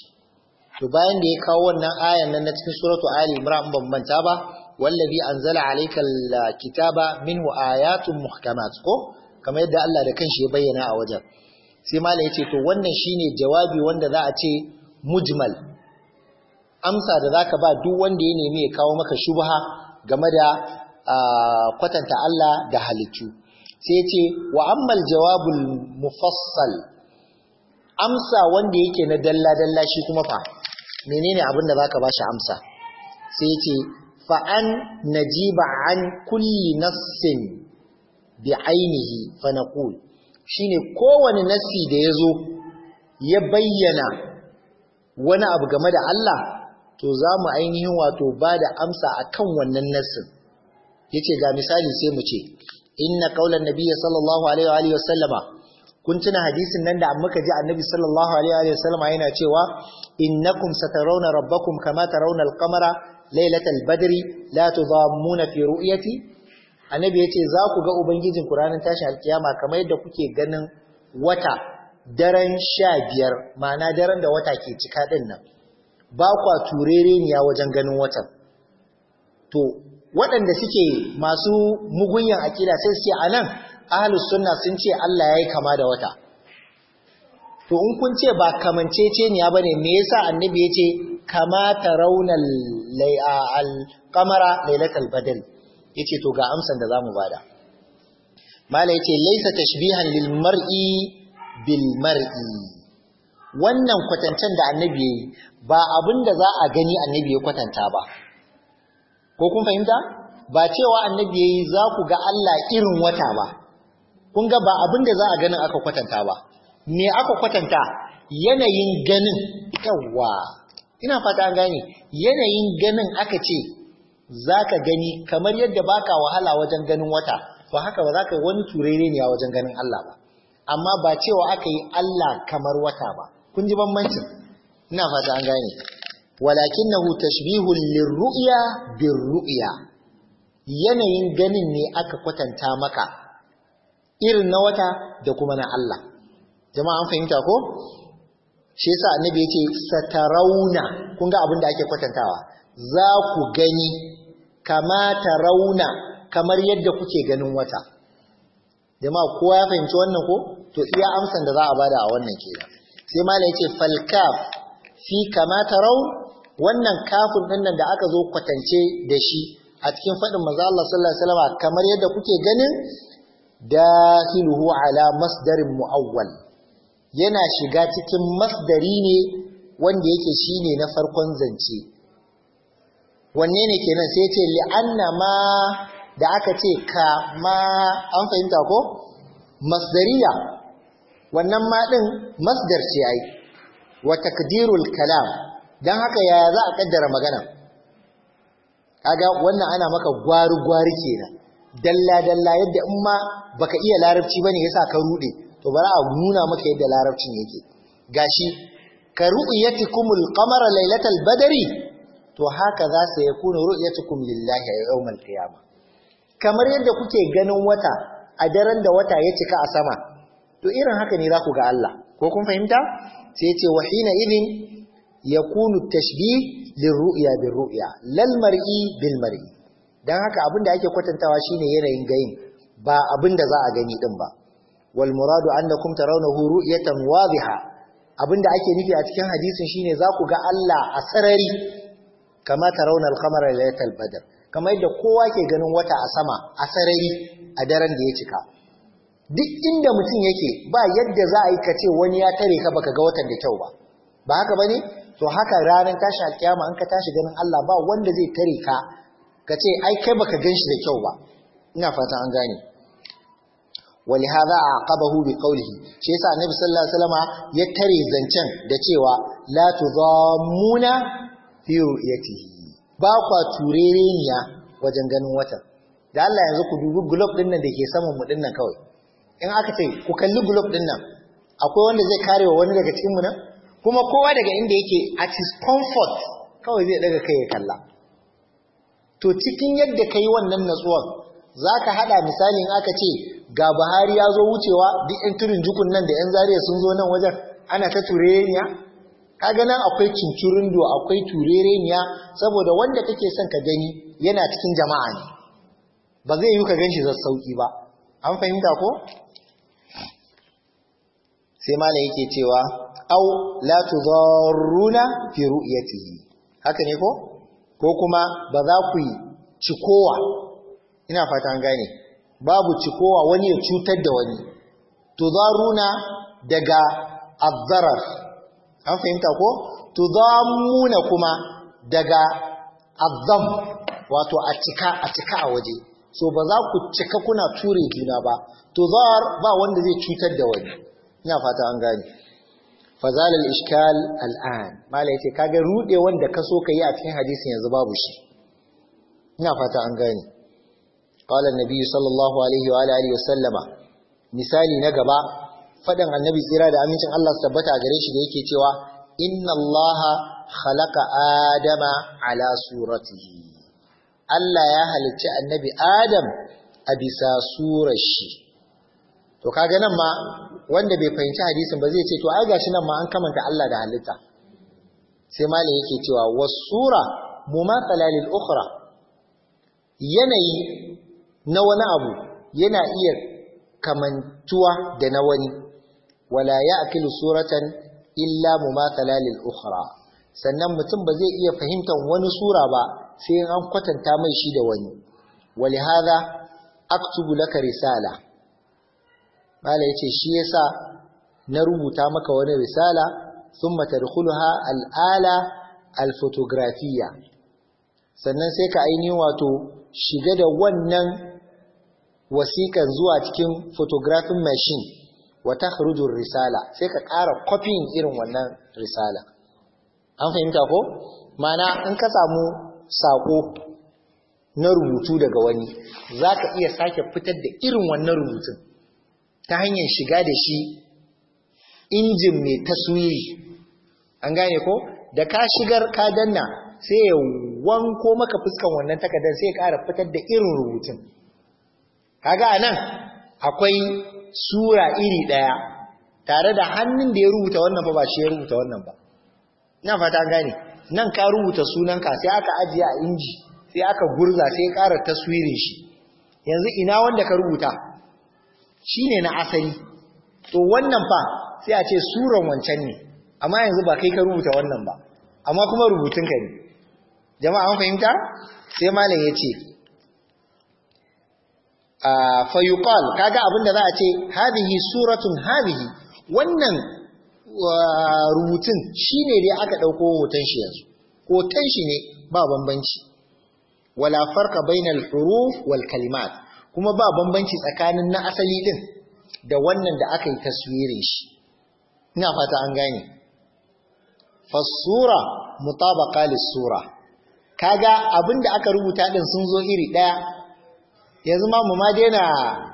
[SPEAKER 1] to bayan da ya kawo wannan ayan nan na cikin suratu ali imran ban manta ba wallazi anzala alayka alkitaba minhu ayatun muhkamat ko kamar yadda Allah da kanshi ya bayyana a wajen sai mala yace to wannan shine jawabi wanda za a ce mujmal amsa da zaka ba duk wanda ya nemi ya kawo maka shubha game da kwatanta Allah da halittu sai ce wa ammal jawabul mufassal amsa wanda yake na dalla dalla shi kuma fa menene abin da zaka bashi amsa sai ce fa an najiba an kulli nassin bi ainihi fa naqul shine kowane nassi da yazo ya bayyana wani abu game da Allah to za mu ainihin wato ba da amsa a kan wannan nassin ya ce ga misali sai mu ce inna kaulan nabiya sallallahu alaihi wa sallama kun tuna hadisin nan da muka ji annabi sallallahu alaihi wa sallama yana cewa innakum satarawna rabbakum kama tarawna al-qamara lailatal badri la tudammuna fi ru'yati annabi yace za ku ga ubangijin ku ranar tashin alkiyama kamar yadda kuke ganin wata daren sha biyar ma'ana daren da wata ke cika din nan ba kwa turereniya wajen ganin watan to waɗanda suke masu mugunyan aƙida sai suke a nan ahalus sunna sun ce Allah ya yi kama da wata to in kun ce ba kamanceceniya ba ne me yasa annabi ya ce kama ta raunar kamara lailatul badal ya ce to ga amsan da zamu bada mala ya ce laisa tashbihan lil mar'i bil mar'i wannan kwatancen da annabi ya yi ba abin da za a gani annabi ya kwatanta ba ko kun fahimta ba cewa annabi ya yi za ku ga Allah irin wata ba kun ga ba abin da za a ganin aka kwatanta ba me aka kwatanta yanayin ganin yawa ina fata an gane yanayin ganin aka ce za ka gani kamar yadda baka wahala wajen ganin wata ba haka ba za ka yi wani turere ne a wajen ganin Allah ba amma ba cewa aka yi Allah kamar wata ba kun ji bambancin ina fata an gane walakinahu tashbihu lirru'ya birru'ya yanayin ganin ne aka kwatanta maka irin na wata da kuma na Allah jama'a an fahimta ko shi yasa annabi yace satarauna kun ga abin da ake kwatantawa za ku gani kama tarauna kamar yadda kuke ganin wata jama'a kowa ya fahimci wannan ko to iya amsan da za a bada a wannan kenan sai malam yace falkaf fi kama rau wannan kafin ɗinnan da aka zo kwatance da shi a cikin faɗin manzo Allah sallallahu alaihi wasallam kamar yadda kuke ganin da hiluhu ala masdarin muawwal yana shiga cikin masdari ne wanda yake shi ne na farkon zance wanne ne kenan sai ce li'anna ma da aka ce kama an fahimta ko masdariya wannan ma din masdar ce ai wa takdirul kalam Don haka yaya za a ƙaddara magana kaga wannan ana maka gwari gwari kenan dalla dalla yadda in ma baka iya larabci bane yasa ka rude to za a nuna maka yadda larabcin yake shi ka ru'yatikumul qamara lailatal Badari? to haka za su yakunu ru'yatukum lillahi yawmal qiyamah kamar yadda kuke ganin wata a daren da wata ya cika a sama to irin haka ne za ku ga Allah ko kun fahimta sai ce wa hina idin yakunu ru'ya lin ru'ya. lal mar'i bil mar'i dan haka abin da ake kwatantawa shine yanayin gayin ba abin da za a gani din ba wal muradu annakum tarawnahu ru'yatan wadiha abin da ake nufi a cikin hadisin shine za ku ga Allah a sarari kama tarawna al-qamara laylatal badr kamar yadda kowa ke ganin wata a sama a sarari a daren da ya cika duk inda mutum yake ba yadda za a yi ka ce wani ya tare ka baka ga watan da kyau ba ba haka bane to haka ranar tashi alkiyama in ka tashi ganin Allah ba wanda zai tare ka ka ce ai kai baka ganshi da kyau ba ina fata an gane ولهذا عاقبه بقوله shi yasa annabi sallallahu alaihi ya tare zancen da cewa la tudammuna fi ru'yatihi ba kwa turereniya wajen ganin watan da Allah yanzu ku dubi globe din nan da ke saman mu din nan kawai in aka ce ku kalli glove din nan akwai wanda zai karewa wani daga cikin mu nan kuma kowa daga inda yake at his comfort kawai zai daga kai ya kalla to cikin yadda kai wannan natsuwar zaka hada misali in aka ce ga Buhari ya zo wucewa duk yan turin jukun nan da yan zariya sun zo nan wajen ana ta turereniya kaga nan akwai do akwai turereniya saboda wanda kake son ka gani yana cikin jama'a ne ba zai yi ka ganshi da sauki ba an fahimta ko sai malam yake cewa au la tudarruna fi ru'yatihi haka ne ko ko kuma ba za ku yi cikowa ina fata an gane babu cikowa wani ya cutar da wani zaruna daga azzarar an fahimta ko tudammuna kuma daga azzam wato a cika a cika a waje so ba za ku cika kuna ture juna ba zar ba wanda zai cutar da wani ina fata an gane fazalal ishkal al'an mala yace kaga rude wanda ka so kai a cikin hadisin yanzu babu shi ina fata an gani. qala annabi sallallahu alaihi wa alihi misali na gaba fadin annabi tsira da amincin Allah tabbata gare shi da yake cewa inna allaha khalaqa adama ala suratihi Allah ya halicci annabi Adam a bisa surar shi to kaga nan ma wanda bai fahimci hadisin ba zai ce to ai gashi nan ma an kamanta Allah da halitta sai malam yake cewa wasura mumathala lil ukhra yanayi na wani abu yana iya kamantuwa da na wani wala ya'kilu suratan illa mumathala lil ukhra sannan mutum ba zai iya fahimtar wani sura ba sai an kwatanta mai shi da wani walihada aktubu laka risala mala yace shi yasa na rubuta maka wani risala thumma tadkhuluha al'ala al-fotografiya sannan sai ka aini wato shiga da wannan wasiƙan zuwa cikin photographic machine wa takhrujur risala sai ka ƙara copying irin wannan risala an fahimta ko mana in ka samu sako na rubutu daga wani zaka iya sake fitar da irin wannan rubutun ta hanyar shiga da shi injin mai taswiri an gane ko da ka shigar ka danna sai ya wanko maka fuskan wannan takardar sai ya ƙara fitar da irin rubutun kaga anan akwai sura iri ɗaya tare da hannun da ya rubuta wannan ba ba shi ya rubuta wannan ba ina fata an gane nan ka rubuta sunanka sai aka ajiye a inji sai aka gurza sai ya ƙara taswirin shi yanzu ina wanda ka rubuta Shi ne na asali to wannan fa sai a ce suran wancan ne amma yanzu ba kai ka rubuta wannan ba amma kuma rubutun ka ne jama'a an fahimta sai malam ya ce fa kaga abinda za a ce hadihi suratun hadihi wannan rubutun shi ne dai aka ɗauko hoton shi yanzu hoton shi ne ba bambanci wala farka bainal huruf wal kalimat kuma ba bambanci tsakanin na asali din da wannan da aka yi taswirin shi ina fata an gane fasura mutabaqa lissura kaga abinda aka rubuta din sun zo iri daya yanzu ma mu ma daina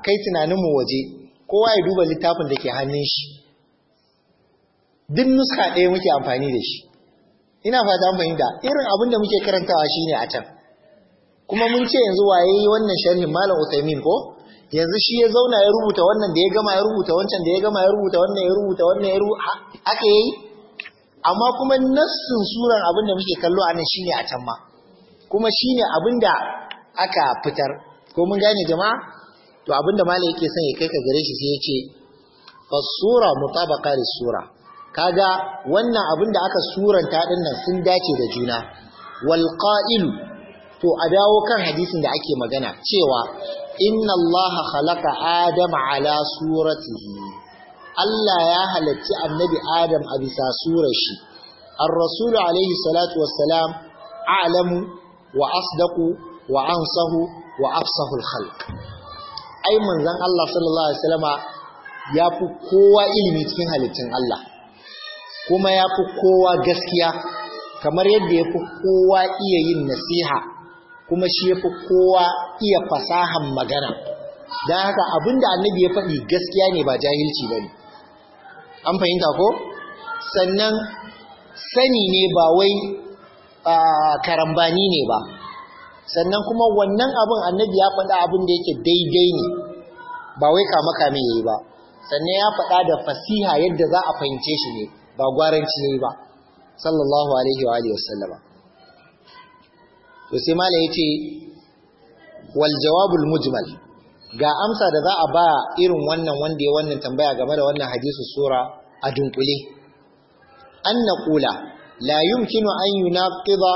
[SPEAKER 1] kai tunanin mu waje kowa ya duba littafin da ke hannun shi duk nuska ɗaya muke amfani da shi ina fata an fahimta irin abinda muke karantawa shine a can kuma mun ce yanzu waye yi wannan sharhin malam Uthaymin ko yanzu shi ya zauna ya rubuta wannan da ya gama ya rubuta wancan da ya gama ya rubuta wannan ya rubuta wannan ya rubuta aka yi amma kuma nassin suran abin da muke kallo anan shine a can ma kuma shine abin da aka fitar ko mun gane jama'a to abin da malam yake son ya kai ka gare shi sai ya ce fasura mutabaqa sura kaga wannan abin da aka suranta dinnan sun dace da juna wal qa'ilu to a dawo kan hadisin da ake magana cewa inna Allah khalaqa Adama ala suratihi Allah ya halacci annabi Adam a bisa surar shi ar-rasul alaihi salatu wassalam a'lamu wa asdaqu wa ansahu wa afsahu al-khalq ai manzon Allah sallallahu alaihi wasallama ya fi kowa ilimi cikin halittun Allah kuma ya fi kowa gaskiya kamar yadda ya fi kowa iya yin nasiha kuma shi ya fi kowa iya fasahan magana don haka abinda annabi ya faɗi gaskiya ne ba jahilci ba ne. an fahimta ko sannan sani ne ba wai karambani ne ba sannan kuma wannan abin annabi ya faɗa abin da yake daidai ne ba wai kama kame yi ba sannan ya faɗa da fasiha yadda za a fahimce shi ne ba gwaranci yayi ba sallallahu alaihi wa alihi wasallama to sai mala yace wal waljawabul mujmal ga amsa da za a ba irin wannan wanda ya wannan tambaya game da wannan hadisu sura a dunkule an naqula la yumkinu an yunaqida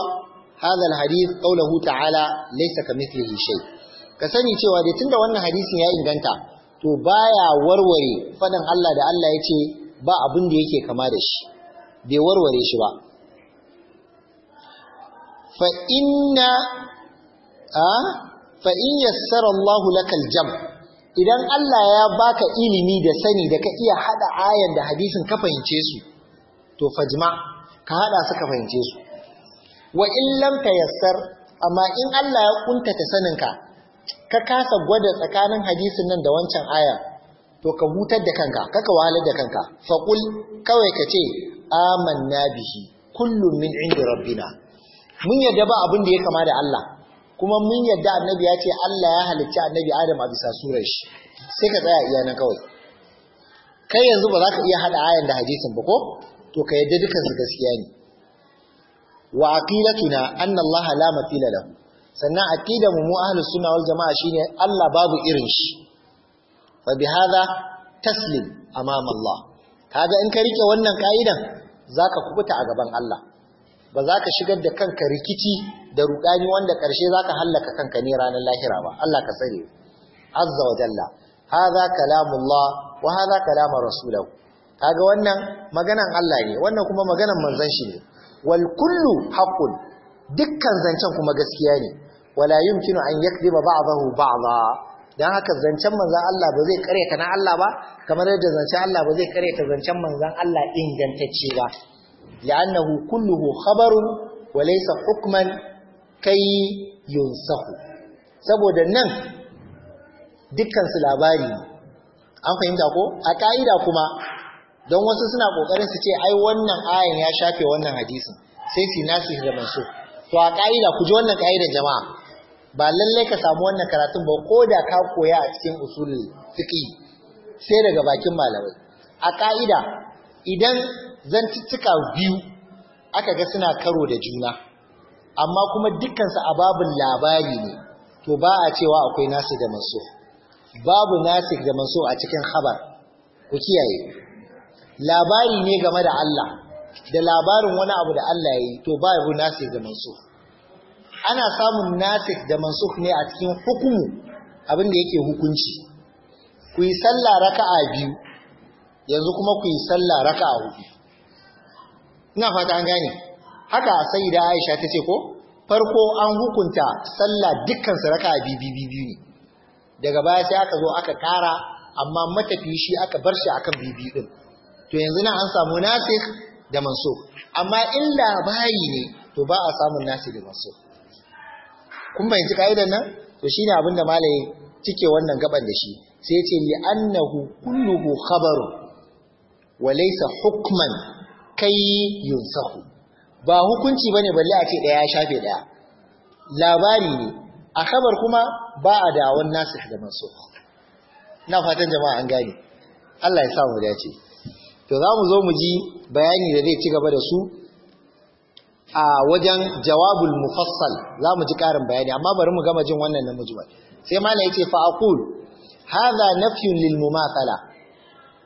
[SPEAKER 1] hadha al hadith qawluhu ta'ala laysa kamithlihi shay ka sani cewa dai tunda wannan hadisin ya inganta to baya warware faɗin Allah da Allah yace ba abin da yake kama da shi bai warware shi ba fa inna a fa Allahu lakal jam idan Allah ya baka ilimi da sani da ka iya hada ayan da hadisin ka fahimce su to fajma ka hada su ka fahimce su wa in lam tayassar amma in Allah ya kuntata saninka ka kasa gwada tsakanin hadisin nan da wancan aya to ka hutar da kanka kaka wahalar da kanka faqul kawai ka ce amanna bihi kullum min indi rabbina mun yadda ba abin da ya kama da Allah kuma mun yadda annabi ya ce Allah ya halicci annabi Adam a bisa surar shi sai ka tsaya iya nan kawai kai yanzu ba za ka iya hada ayan da hadisin ba ko to ka yarda dukan su gaskiya ne wa aqidatuna anna Allah la mathila lahu sannan aqidan mu mu ahlus sunna wal jamaa shine Allah babu irin shi fa bihadha taslim amama Allah kaga in ka rike wannan ka'idan zaka kubuta a gaban Allah ba za ka shigar da kanka rikici da rudani wanda karshe za ka hallaka kanka ne ranar lahira ba Allah ka tsare azza wa jalla hadha kalamullah wa hadha kalamu rasulahu kaga wannan maganan Allah ne wannan kuma maganan manzon shi ne wal kullu haqqun dukkan zancen kuma gaskiya ne wala yumkinu an yakdiba ba'dahu ba'dha dan haka zancen manzon Allah ba zai kare ka na Allah ba kamar yadda zancen Allah ba zai kare ka zancen manzon Allah ingantacce ba li'annahu kulluhu khabarun wa laysa hukman kai yunsahu saboda nan dukkansu labari an fahimta ko a ka'ida kuma don wasu suna kokarin su ce ai wannan ayan ya shafe wannan hadisin sai su nasih da mansu to a ka'ida ku ji wannan ka'idar jama'a ba lalle ka samu wannan karatun ba ko da ka koya a cikin usulul fiqh sai daga bakin malamai a ka'ida idan zantuttuka biyu aka ga suna karo da juna amma kuma dukkansu a babin labari ne to ba a cewa akwai nasir da manso babu nasir da manso a cikin habar ku kiyaye labari ne game da Allah da labarin wani abu da Allah ya yi to ba abu nasir da manso ana samun nasir da manso ne a cikin hukumu abin da yake hukunci ku yi sallah raka'a biyu yanzu kuma ku yi sallah raka'a hudu ina fata an gane haka sai da aisha ta ce ko farko an hukunta sallah dukkan su a bibibibi ne daga baya sai aka zo aka kara amma matafi shi aka bar shi akan bibi din to yanzu na an samu nasikh da manso amma in labari ne to ba a samun nasikh da manso kun bayanci ka'idar nan to shine da malaye cike wannan gaban da shi sai ya ce li annahu kulluhu khabaru wa laysa hukman kai yunsahu ba hukunci bane balle a ce daya ya shafe daya labari ne a kabar kuma ba a dawon nasu da masu na fatan jama'a an gane Allah ya sa mu dace to za mu zo mu ji bayani da zai ci gaba da su a wajen jawabul mufassal za mu ji ƙarin bayani amma bari mu gama jin wannan namiji ba sai ma yace fa aqul hadha nafyun lil mumathala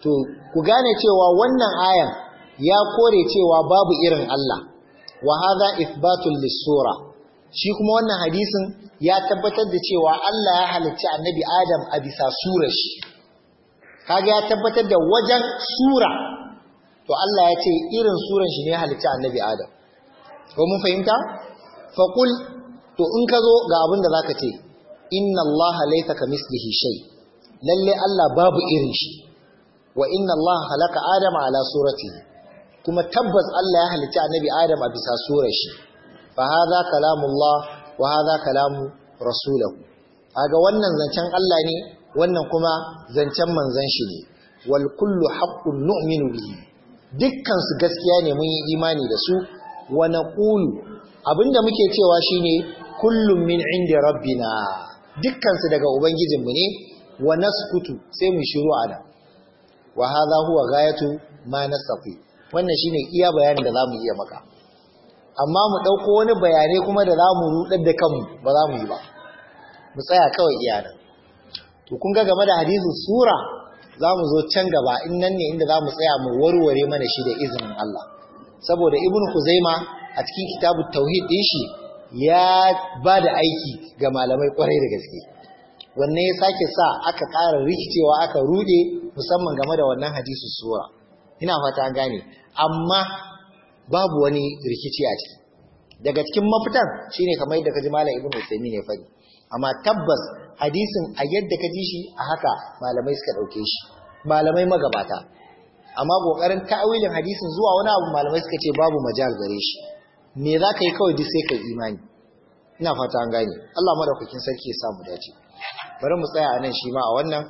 [SPEAKER 1] to ku gane cewa wannan ayan ya kore cewa babu irin Allah wa hadha ithbatul lisura shi kuma wannan hadisin ya tabbatar da cewa Allah ya halicci annabi Adam a bisa surar shi kaga ya tabbatar da wajen sura to Allah ya ce irin suran shi ne halicci annabi Adam ko mun fahimta fa qul to in ka zo ga abin da zaka ce inna Allah laysa kamislihi shay lalle Allah babu irin shi wa inna Allah halaka Adam ala suratihi kuma tabbas Allah ya halitta annabi Adam a bisa surar shi fa hadha kalamullah wa hadha kalamu rasulahu kaga wannan zancen Allah ne wannan kuma zancen manzon shi ne wal kullu haqqun nu'minu bihi dukkan su gaskiya ne mun yi imani da su wa naqulu abinda muke cewa shine kullum min inda rabbina dukkan su daga ubangijinmu ne wa naskutu sai mu shiru ana wa hadha huwa ghayatu ma nastati wannan shine iya bayanin da zamu iya maka amma mu ɗauko wani bayane kuma da zamu rudar da kanmu ba za mu yi ba mu tsaya kawai iya nan to kun ga game da hadisin sura zamu zo can gaba in nan ne inda zamu tsaya mu warware mana shi da izinin Allah saboda ibnu kuzaima a cikin kitabu tauhid din shi ya ba da aiki ga malamai kwarai da gaske wannan ya sake sa aka kara rikicewa aka rude musamman game da wannan hadisi sura ina fata gane amma babu wani rikici a ciki daga cikin mafitan shine kamar yadda kaji malam ibnu usaimin ya fadi amma tabbas hadisin a yadda ka ji shi a haka malamai suka ɗauke shi malamai magabata amma ƙoƙarin ta'awilin hadisin zuwa wani abu malamai suka ce babu majal gare shi me za ka yi kawai duk sai ka imani ina fata an gane Allah madaukakin sarki ya samu dace bari mu tsaya a nan shi ma a wannan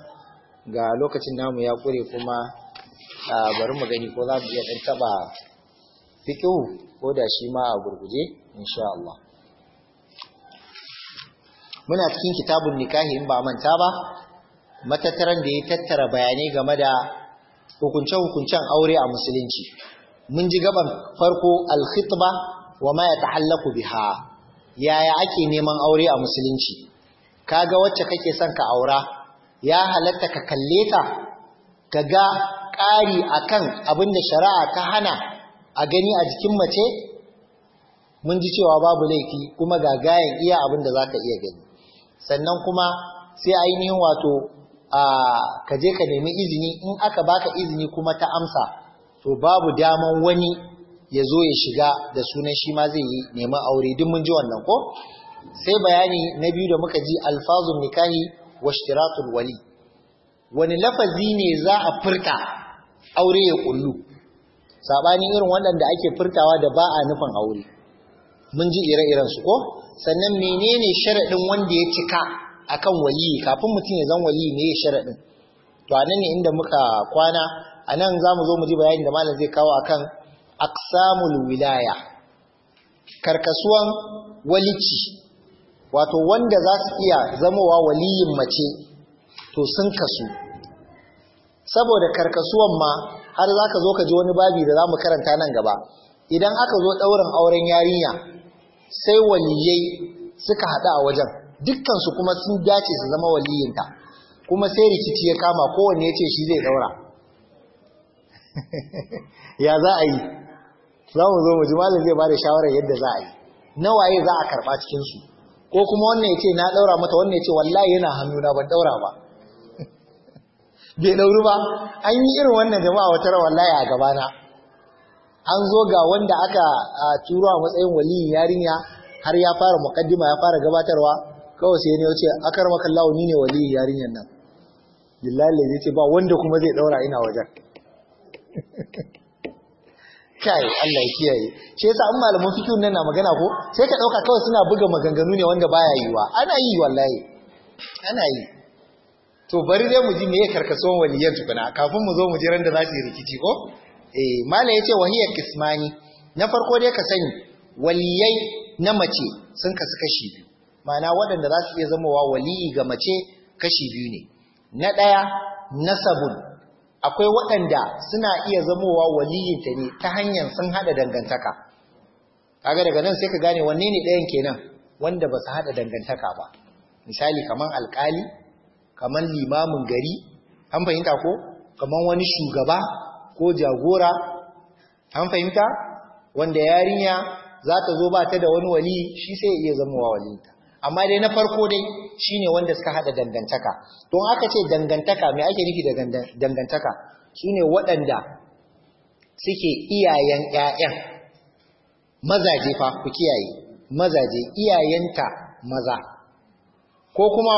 [SPEAKER 1] ga lokacin namu ya kure kuma bari mu gani ko za mu iya ɗan taɓa fiƙihu ko da shi ma a gurguje insha Allah muna cikin kitabun nikahi in ba manta ba matattaran da ya tattara bayanai game da hukunce-hukuncen aure a musulunci mun ji gaban farko alkhitba wa ma yata'allaqu biha yaya ake neman aure a musulunci Ka ga wacce kake son ka aura ya halatta ka kalle ta ga. ƙari akan abin da shari'a ta hana a gani a jikin mace mun ji cewa babu laifi kuma ga gayan iya abin da ka iya gani sannan kuma sai ainihin wato a ka je ka nemi izini in aka baka izini kuma ta amsa to babu daman wani ya zo ya shiga da sunan shi ma zai yi neman aure duk mun ji wannan ko sai bayani na biyu da muka ji alfazun nikahi wa wali wani lafazi ne za a furta aure ya kullu sabani irin waɗanda ake furtawa da ba a nufin aure mun ji ire-iren su ko sannan menene sharaɗin wanda ya cika akan waliyi kafin mutum ya zan wali ne ya sharaɗin to anan ne inda muka kwana anan mu zo mu ji bayani da malam zai kawo akan aqsamul wilaya karkasuwan walici wato wanda za su iya zamowa waliyin mace to sun kasu saboda karkasuwan ma har za ka zo ka ji wani babi da za mu karanta nan gaba idan aka zo ɗaurin auren yarinya sai waliyai suka haɗu a wajen dukkansu kuma sun dace su zama waliyinta kuma sai rikici ya kama kowanne ya ce shi zai ɗaura ya za a yi za mu zo mu ji malam zai ba shawarar yadda za a yi nawaye za a karɓa cikinsu ko kuma wannan ya ce na ɗaura mata wannan ya ce wallahi yana hannu na ban ɗaura ba bai dauru ba an yi irin wannan jama'a wata rawar laya a gabana an zo ga wanda aka turo a matsayin waliyin yarinya har ya fara mukaddima ya fara gabatarwa kawai sai ne ya ce akar makallawo ni ne waliyin yarinyar nan billahi ya ce ba wanda kuma zai daura ina wajen kai Allah ya kiyaye shi yasa an malamin fiqh nan na magana ko sai ka dauka kawai suna buga maganganu ne wanda baya yiwa ana yi wallahi ana yi to bari zai mu ji me karkasuwan waliyan tukuna kafin mu zo mu ji ran da za su yi rikici ko eh mala Wani ya kismani na farko dai ka sani waliyai na mace sun kasu kashi biyu ma'ana waɗanda za su iya zamowa waliyi ga mace kashi biyu ne na ɗaya nasabun akwai waɗanda suna iya zamowa waliyinta ne ta hanyar sun haɗa dangantaka kaga daga nan sai ka gane wanne ne ɗayan kenan wanda ba su haɗa dangantaka ba misali kamar alƙali kamar limamin gari an fahimta ko kamar wani shugaba ko jagora an fahimta wanda yarinya za ta zo ba ta da wani wali shi sai iya zamowa walinta amma dai na farko dai shine wanda suka hada dangantaka don aka ce dangantaka mai ake nufi da dangantaka shine waɗanda suke iyayen ƴaƴan mazaje fa ku kiyaye mazaje iyayenta maza ko kuma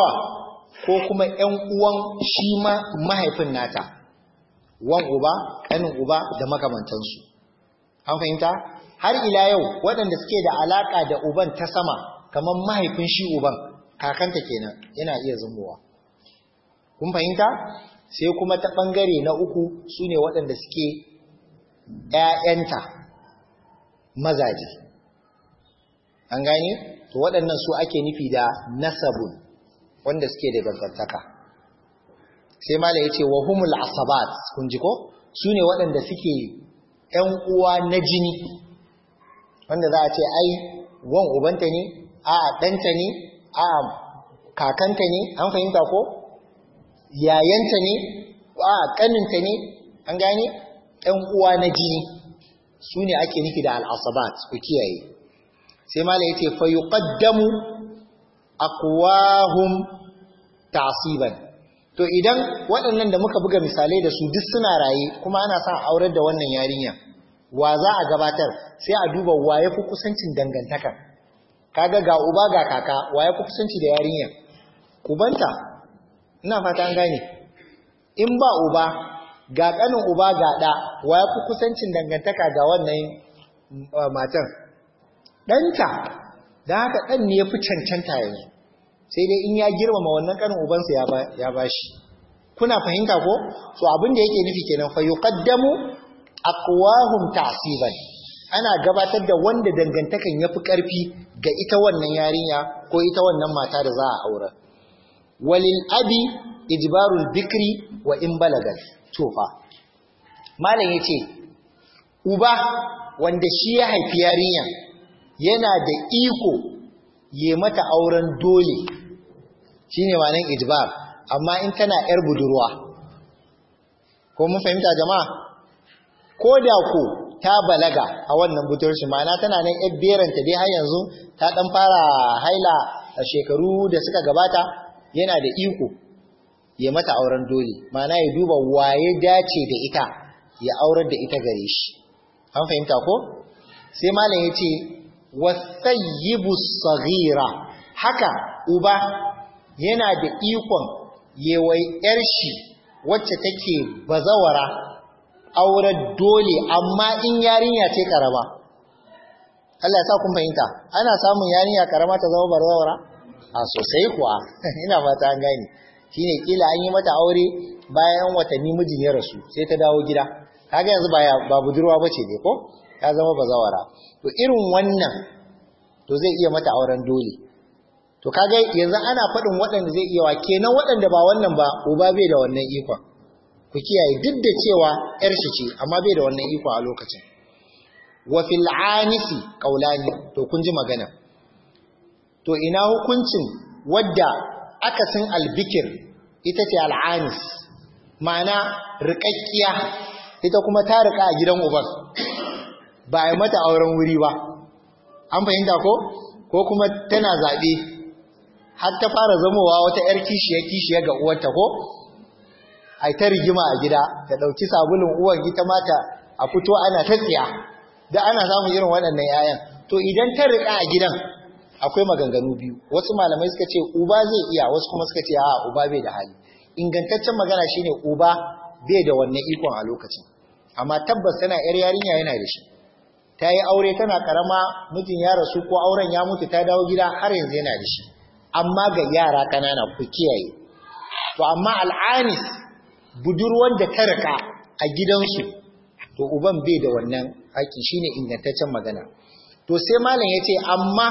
[SPEAKER 1] ko kuma ‘yan uwan shi ma mahaifin nata, wan uba, ƙanin uba da makamantansu. An fahimta? Har ila yau waɗanda suke da alaƙa da uban ta sama, kamar mahaifin shi uban, kakanta kenan yana iya zumowa. Kun fahimta? Sai kuma ta ɓangare na uku su ne waɗanda suke ‘ya'yanta mazaje. An gane? To waɗannan su ake nufi da nasabun. wanda suke da dangantaka sai malam yace wa humul asabat kun ji ko sune waɗanda suke ƴan uwa na jini wanda za a ce ai wan ubanta ne a ɗanta ne a kakanta ne an fahimta ko yayanta ne a kaninta ne an gane ƴan uwa na jini sune ake nufi da al asabat ku kiyaye sai malam yace fa yuqaddamu aqwahum ta'siban to idan waɗannan da muka buga misalai da su duk suna raye kuma ana sa aurar da wannan yarinya wa za a gabatar sai a duba wa ya fi kusancin dangantaka kaga ga uba ga kaka wa ya fi kusanci da yarinya kubanta ina fata an gane in ba uba ga kanin uba ga ɗa wa ya fi kusancin dangantaka ga wannan eh, matan ɗanta da haka ɗan ne ya fi cancanta yanzu sai dai in ya girmama wannan ƙarin ubansa ya ba shi kuna fahimta ko so abin da yake nufi kenan fa a aqwahum ta'siban ana gabatar da wanda dangantakan ya fi ƙarfi ga ita wannan yarinya ko ita wannan mata da za a aura walil abi ijibarul bikri wa in balagal tofa malam ce uba wanda shi ya haifi yarinya yana da iko ya mata auren dole shine manin ijbar amma in tana yar budurwa ko mun fahimta jama'a ko da ko ta balaga a wannan budurci mana tana nan yar beranta dai har yanzu ta ɗan fara haila a shekaru da suka gabata yana da iko ya mata auren dole ma'ana ya duba waye dace da ita ya aurar da ita gare shi an fahimta ko sai malam ya ce wasayyibu saghira haka uba yana da ikon yewai yar shi wacce take bazawara auren dole amma in yarinya ce karama Allah ya sa kun fahimta ana samun yarinya karama ta zama bazawara a sosai kuwa ina fata an gane shine kila an yi mata aure bayan watanni mijin ya rasu sai ta dawo gida kaga yanzu ba budurwa bace ne ko ya zama bazawara to irin wannan to zai iya mata auren dole to kaga yanzu ana faɗin waɗanda zai iya wa kenan waɗanda ba wannan ba uba bai da wannan ikon ku kiyaye duk da cewa yar shi ce amma bai da wannan iko a lokacin wa fil anisi qaulani to kun ji magana to ina hukuncin wadda aka san albikir ita ce al'anis ma'ana riƙaƙƙiya ita kuma ta riƙa a gidan uban ba a yi mata auren wuri ba an fahimta ko ko kuma tana zaɓe har ta fara zamowa wata 'yar kishiya-kishiya ga uwarta ko A ta rigima a gida ta ɗauki sabulun uwar ita mata a fito ana ta tsiya da ana samu irin waɗannan 'ya'yan to idan ta riƙa a gidan akwai maganganu biyu wasu malamai suka ce uba zai iya wasu kuma suka ce a'a uba bai da hali ingantaccen magana shine uba bai da wannan ikon a lokacin amma tabbas tana yar yarinya yana da shi ta yi aure tana karama mijin ya rasu ko auren ya mutu ta dawo gida har yanzu yana da shi amma ga yara kanana ku kiyaye to amma al'anis budurwar da ta raka a gidansu to uban bai da wannan haƙi shine ingantaccen magana to sai malam ya ce amma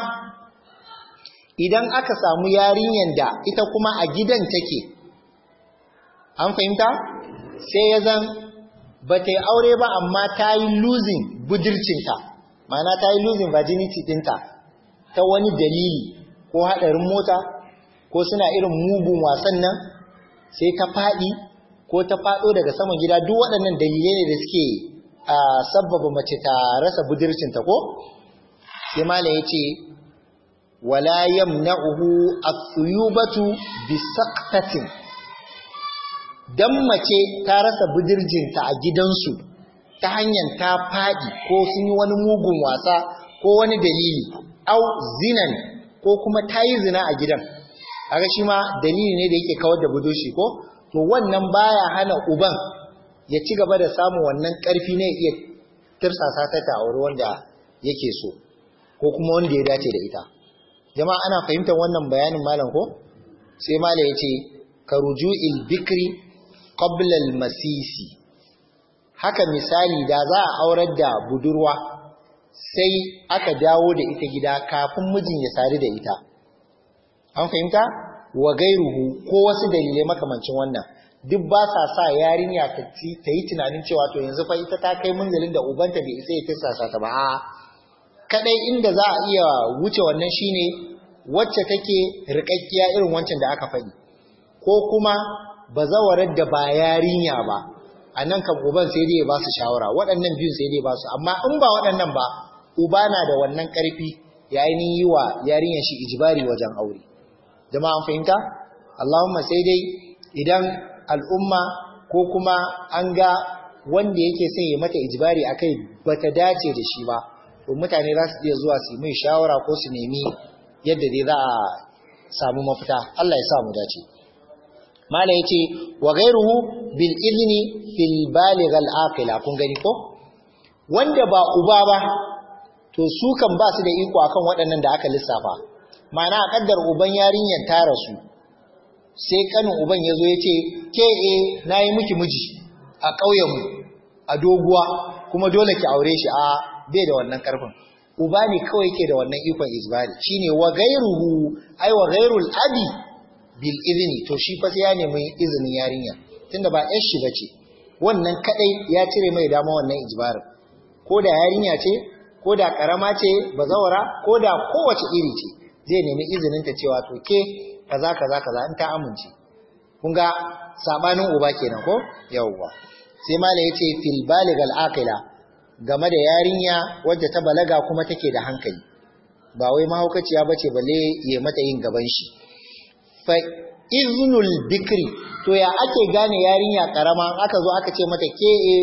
[SPEAKER 1] idan aka samu yarinyar da ita kuma a gidan take an fahimta sai ya zan ba ta yi aure ba amma ta yi losing budurcinta ma'ana ta yi losing virginity ɗinta ta wani dalili ko haɗarin mota ko suna irin mugun wasan nan sai ta faɗi ko ta faɗo daga saman gida duk waɗannan dalilai ne da suke a sabbaba mace ta rasa budurcinta ko sai malam ya ce wala yamna'uhu as-suyubatu bi saqtatin dan mace ta rasa bidirjinta a gidansu ta hanyar ta faɗi ko sun yi wani mugun wasa ko wani dalili au zinan ko kuma ta yi zina a gidan aga shi ma dalili ne da yake kawar da budurci ko to wannan baya hana uban ya ci gaba da samun wannan ƙarfi ne iya tirsasa ta ta auri wanda yake so ko kuma wanda ya dace da ita jama'a ana fahimtar wannan bayanin malam ko sai malam ya ce ka ruju'il bikri qablal masisi haka misali da za a aurar da budurwa sai aka dawo da ita gida kafin mijin ya sadu da ita an fahimta wa gairuhu ko wasu dalilai makamancin wannan duk ba sa sa yarinya ta yi tunanin cewa to yanzu fa ita ta kai munzalin da ubanta bai isa ya tirsasa ta ba a kadai inda za a iya wuce wannan shine wacce take rikakkiya irin wancan da aka faɗi ko kuma Ba zawarar da ba yarinya ba a nan kan uban sai dai ya ba su shawara waɗannan biyun sai dai ba su amma in ba waɗannan ba uba na da wannan ƙarfi ya yi wa yarinyar shi ijibari wajen aure jama'a an fahimta Allahumma sai dai idan al'umma ko kuma an ga wanda yake son ya mata ijibari a kai, ba ta dace da shi ba to mutane za su iya zuwa su mai shawara ko su nemi yadda dai za a samu mafita Allah ya sa mu dace mala yace wa ghayruhu bil izni fil baligh al aqila kun gani ko wanda ba uba ba to su kan ba su da iko akan waɗannan da aka lissafa mana a kaddar uban yarinyar ta rasu sai kanin uban yazo yace ke eh nayi miki miji a ƙauyen mu a doguwa kuma dole ki aure shi a bai da wannan karfin uba ne kawai ke da wannan ikon isbali shine wa ghayruhu ai wa ghayrul abi bil izini to shi fa sai ya nemi izinin yarinya tunda ba yar shi bace wannan kadai ya cire mai dama wannan ijbarin ko da yarinya ce ko da karama ce bazawara ko da kowace iri ce zai nemi izinin ta cewa to ke kaza kaza kaza in ta amince kun ga sabanin uba kenan ko yawwa sai mala yace fil baligal aqila game da yarinya wadda ta balaga kuma take da hankali ba wai mahaukaciya bace balle ya mata yin gaban shi fa iznul bikri to ya ake gane yarinya karama aka zo aka ce mata ke e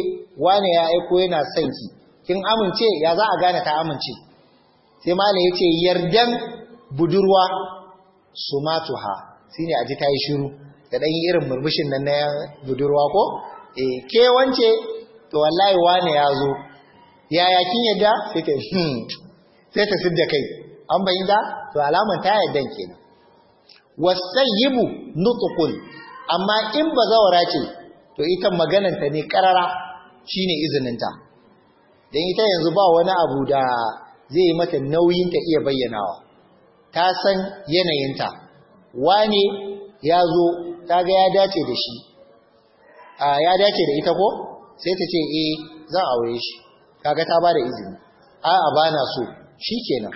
[SPEAKER 1] wane ya aiko yana son ki kin amince ya za a gane ta amince sai malam yace yardan budurwa sumatuha shine aji ta yi shiru da dan irin murmushin nan na budurwa ko eh ke wance to wallahi wane ya zo yaya kin yadda sai ta hmm sai ta sidda kai an bayyana to alaman ta yaddan kenan wasayyibu nutqun amma in ba bazawara ce to ita magananta ne karara shine izininta dan ita yanzu ba wani abu da zai yi mata nauyin ta iya bayyanawa ta san yanayinta Wani ya zo kaga ya dace da shi a ya dace da ita ko sai ta ce eh zan aure shi kaga ta bada izini 'a bana so shikenan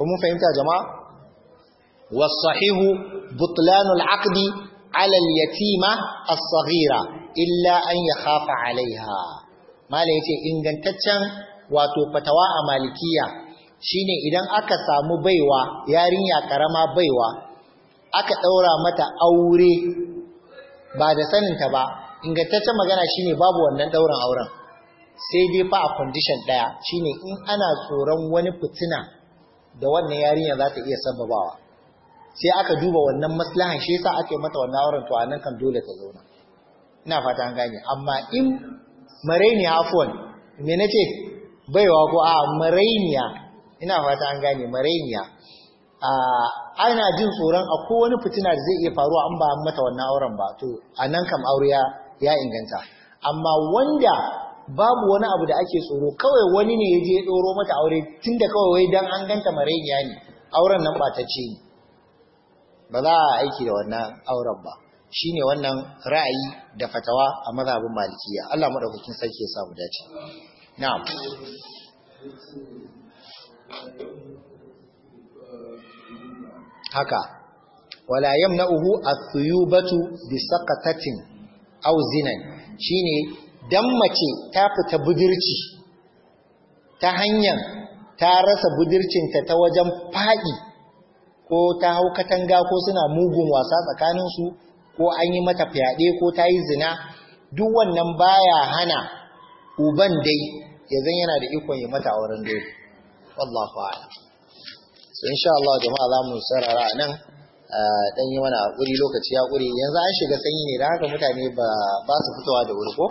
[SPEAKER 1] Kuma mun fahimta jama'a والصحيح بطلان العقد على اليتيمة الصغيرة إلا أن يخاف عليها ما ingantaccen إن fatawa a مالكية shine idan aka samu baiwa yarinya karama baiwa aka daura mata aure ba da saninta ba ingantaccen magana shine babu wannan ɗaurin auren sai dai fa a condition daya shine in ana tsoron wani fitina da wannan yarinya za ta iya sababawa sai aka duba wannan maslahan shi yasa ake mata wannan auren to anan kan dole ta zauna ina fata an gane amma in marainiya afwan me nace baiwa ko a marainiya ina fata an gane marainiya a ana jin tsoron akwai wani fitina da zai iya faruwa an ba an mata wannan auren ba to anan kam aure ya inganta amma wanda babu wani abu da ake tsoro kawai wani ne ya je ya doro mata aure tunda kawai wai dan an ganta marainiya ne auren nan ba ta ce ni. ba za a aiki da wannan auren ba Shi ne wannan ra'ayi da fatawa a mazhabin malikiya Allah maɗaukakin sarki ya samu dace na'am haka wala yamna'uhu athuyubatu bi saqatatin aw zinan shine dan mace ta fita budurci ta hanyar ta rasa budurcinta ta wajen fadi ko ta hau katanga ko suna mugun wasa tsakaninsu ko an yi mata fyaɗe ko ta yi zina duk wannan baya hana uban dai ya zan yana da ikon yi mata auren dai. wallahu a'lam so insha Allah jama'a za mu sarara nan dan yi mana hakuri lokaci ya hakuri yanzu an shiga sanyi ne da haka mutane ba ba su fitowa da wuri ko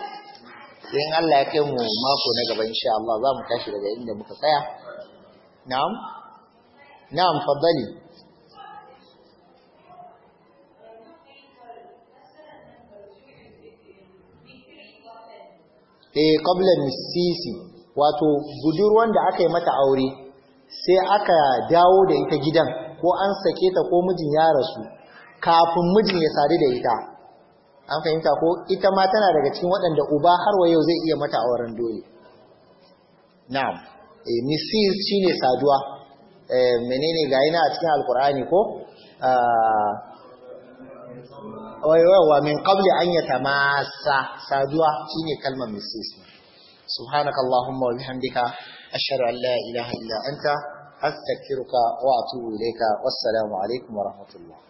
[SPEAKER 1] in Allah ya kai mu mako na gaba insha Allah za mu tashi daga inda muka tsaya na'am na'am faddali eh qabla misisi, wato budurwan da aka yi mata aure sai aka dawo da ita gidan ko an sake ta ko mijin ya rasu kafin mijin ya sadu da ita an fahimta ko ita ma tana daga cikin waɗanda uba har wa yau zai iya mata auren dole na'am eh nisis shine saduwa eh menene ga yana a cikin alkur'ani ko ah, wa min qabli an yatamassa saduwa shine kalmar misisma subhanakallahumma wa bihamdika ashhadu an la ilaha illa anta astaghfiruka wa atubu ilayka wassalamu alaikum wa rahmatullah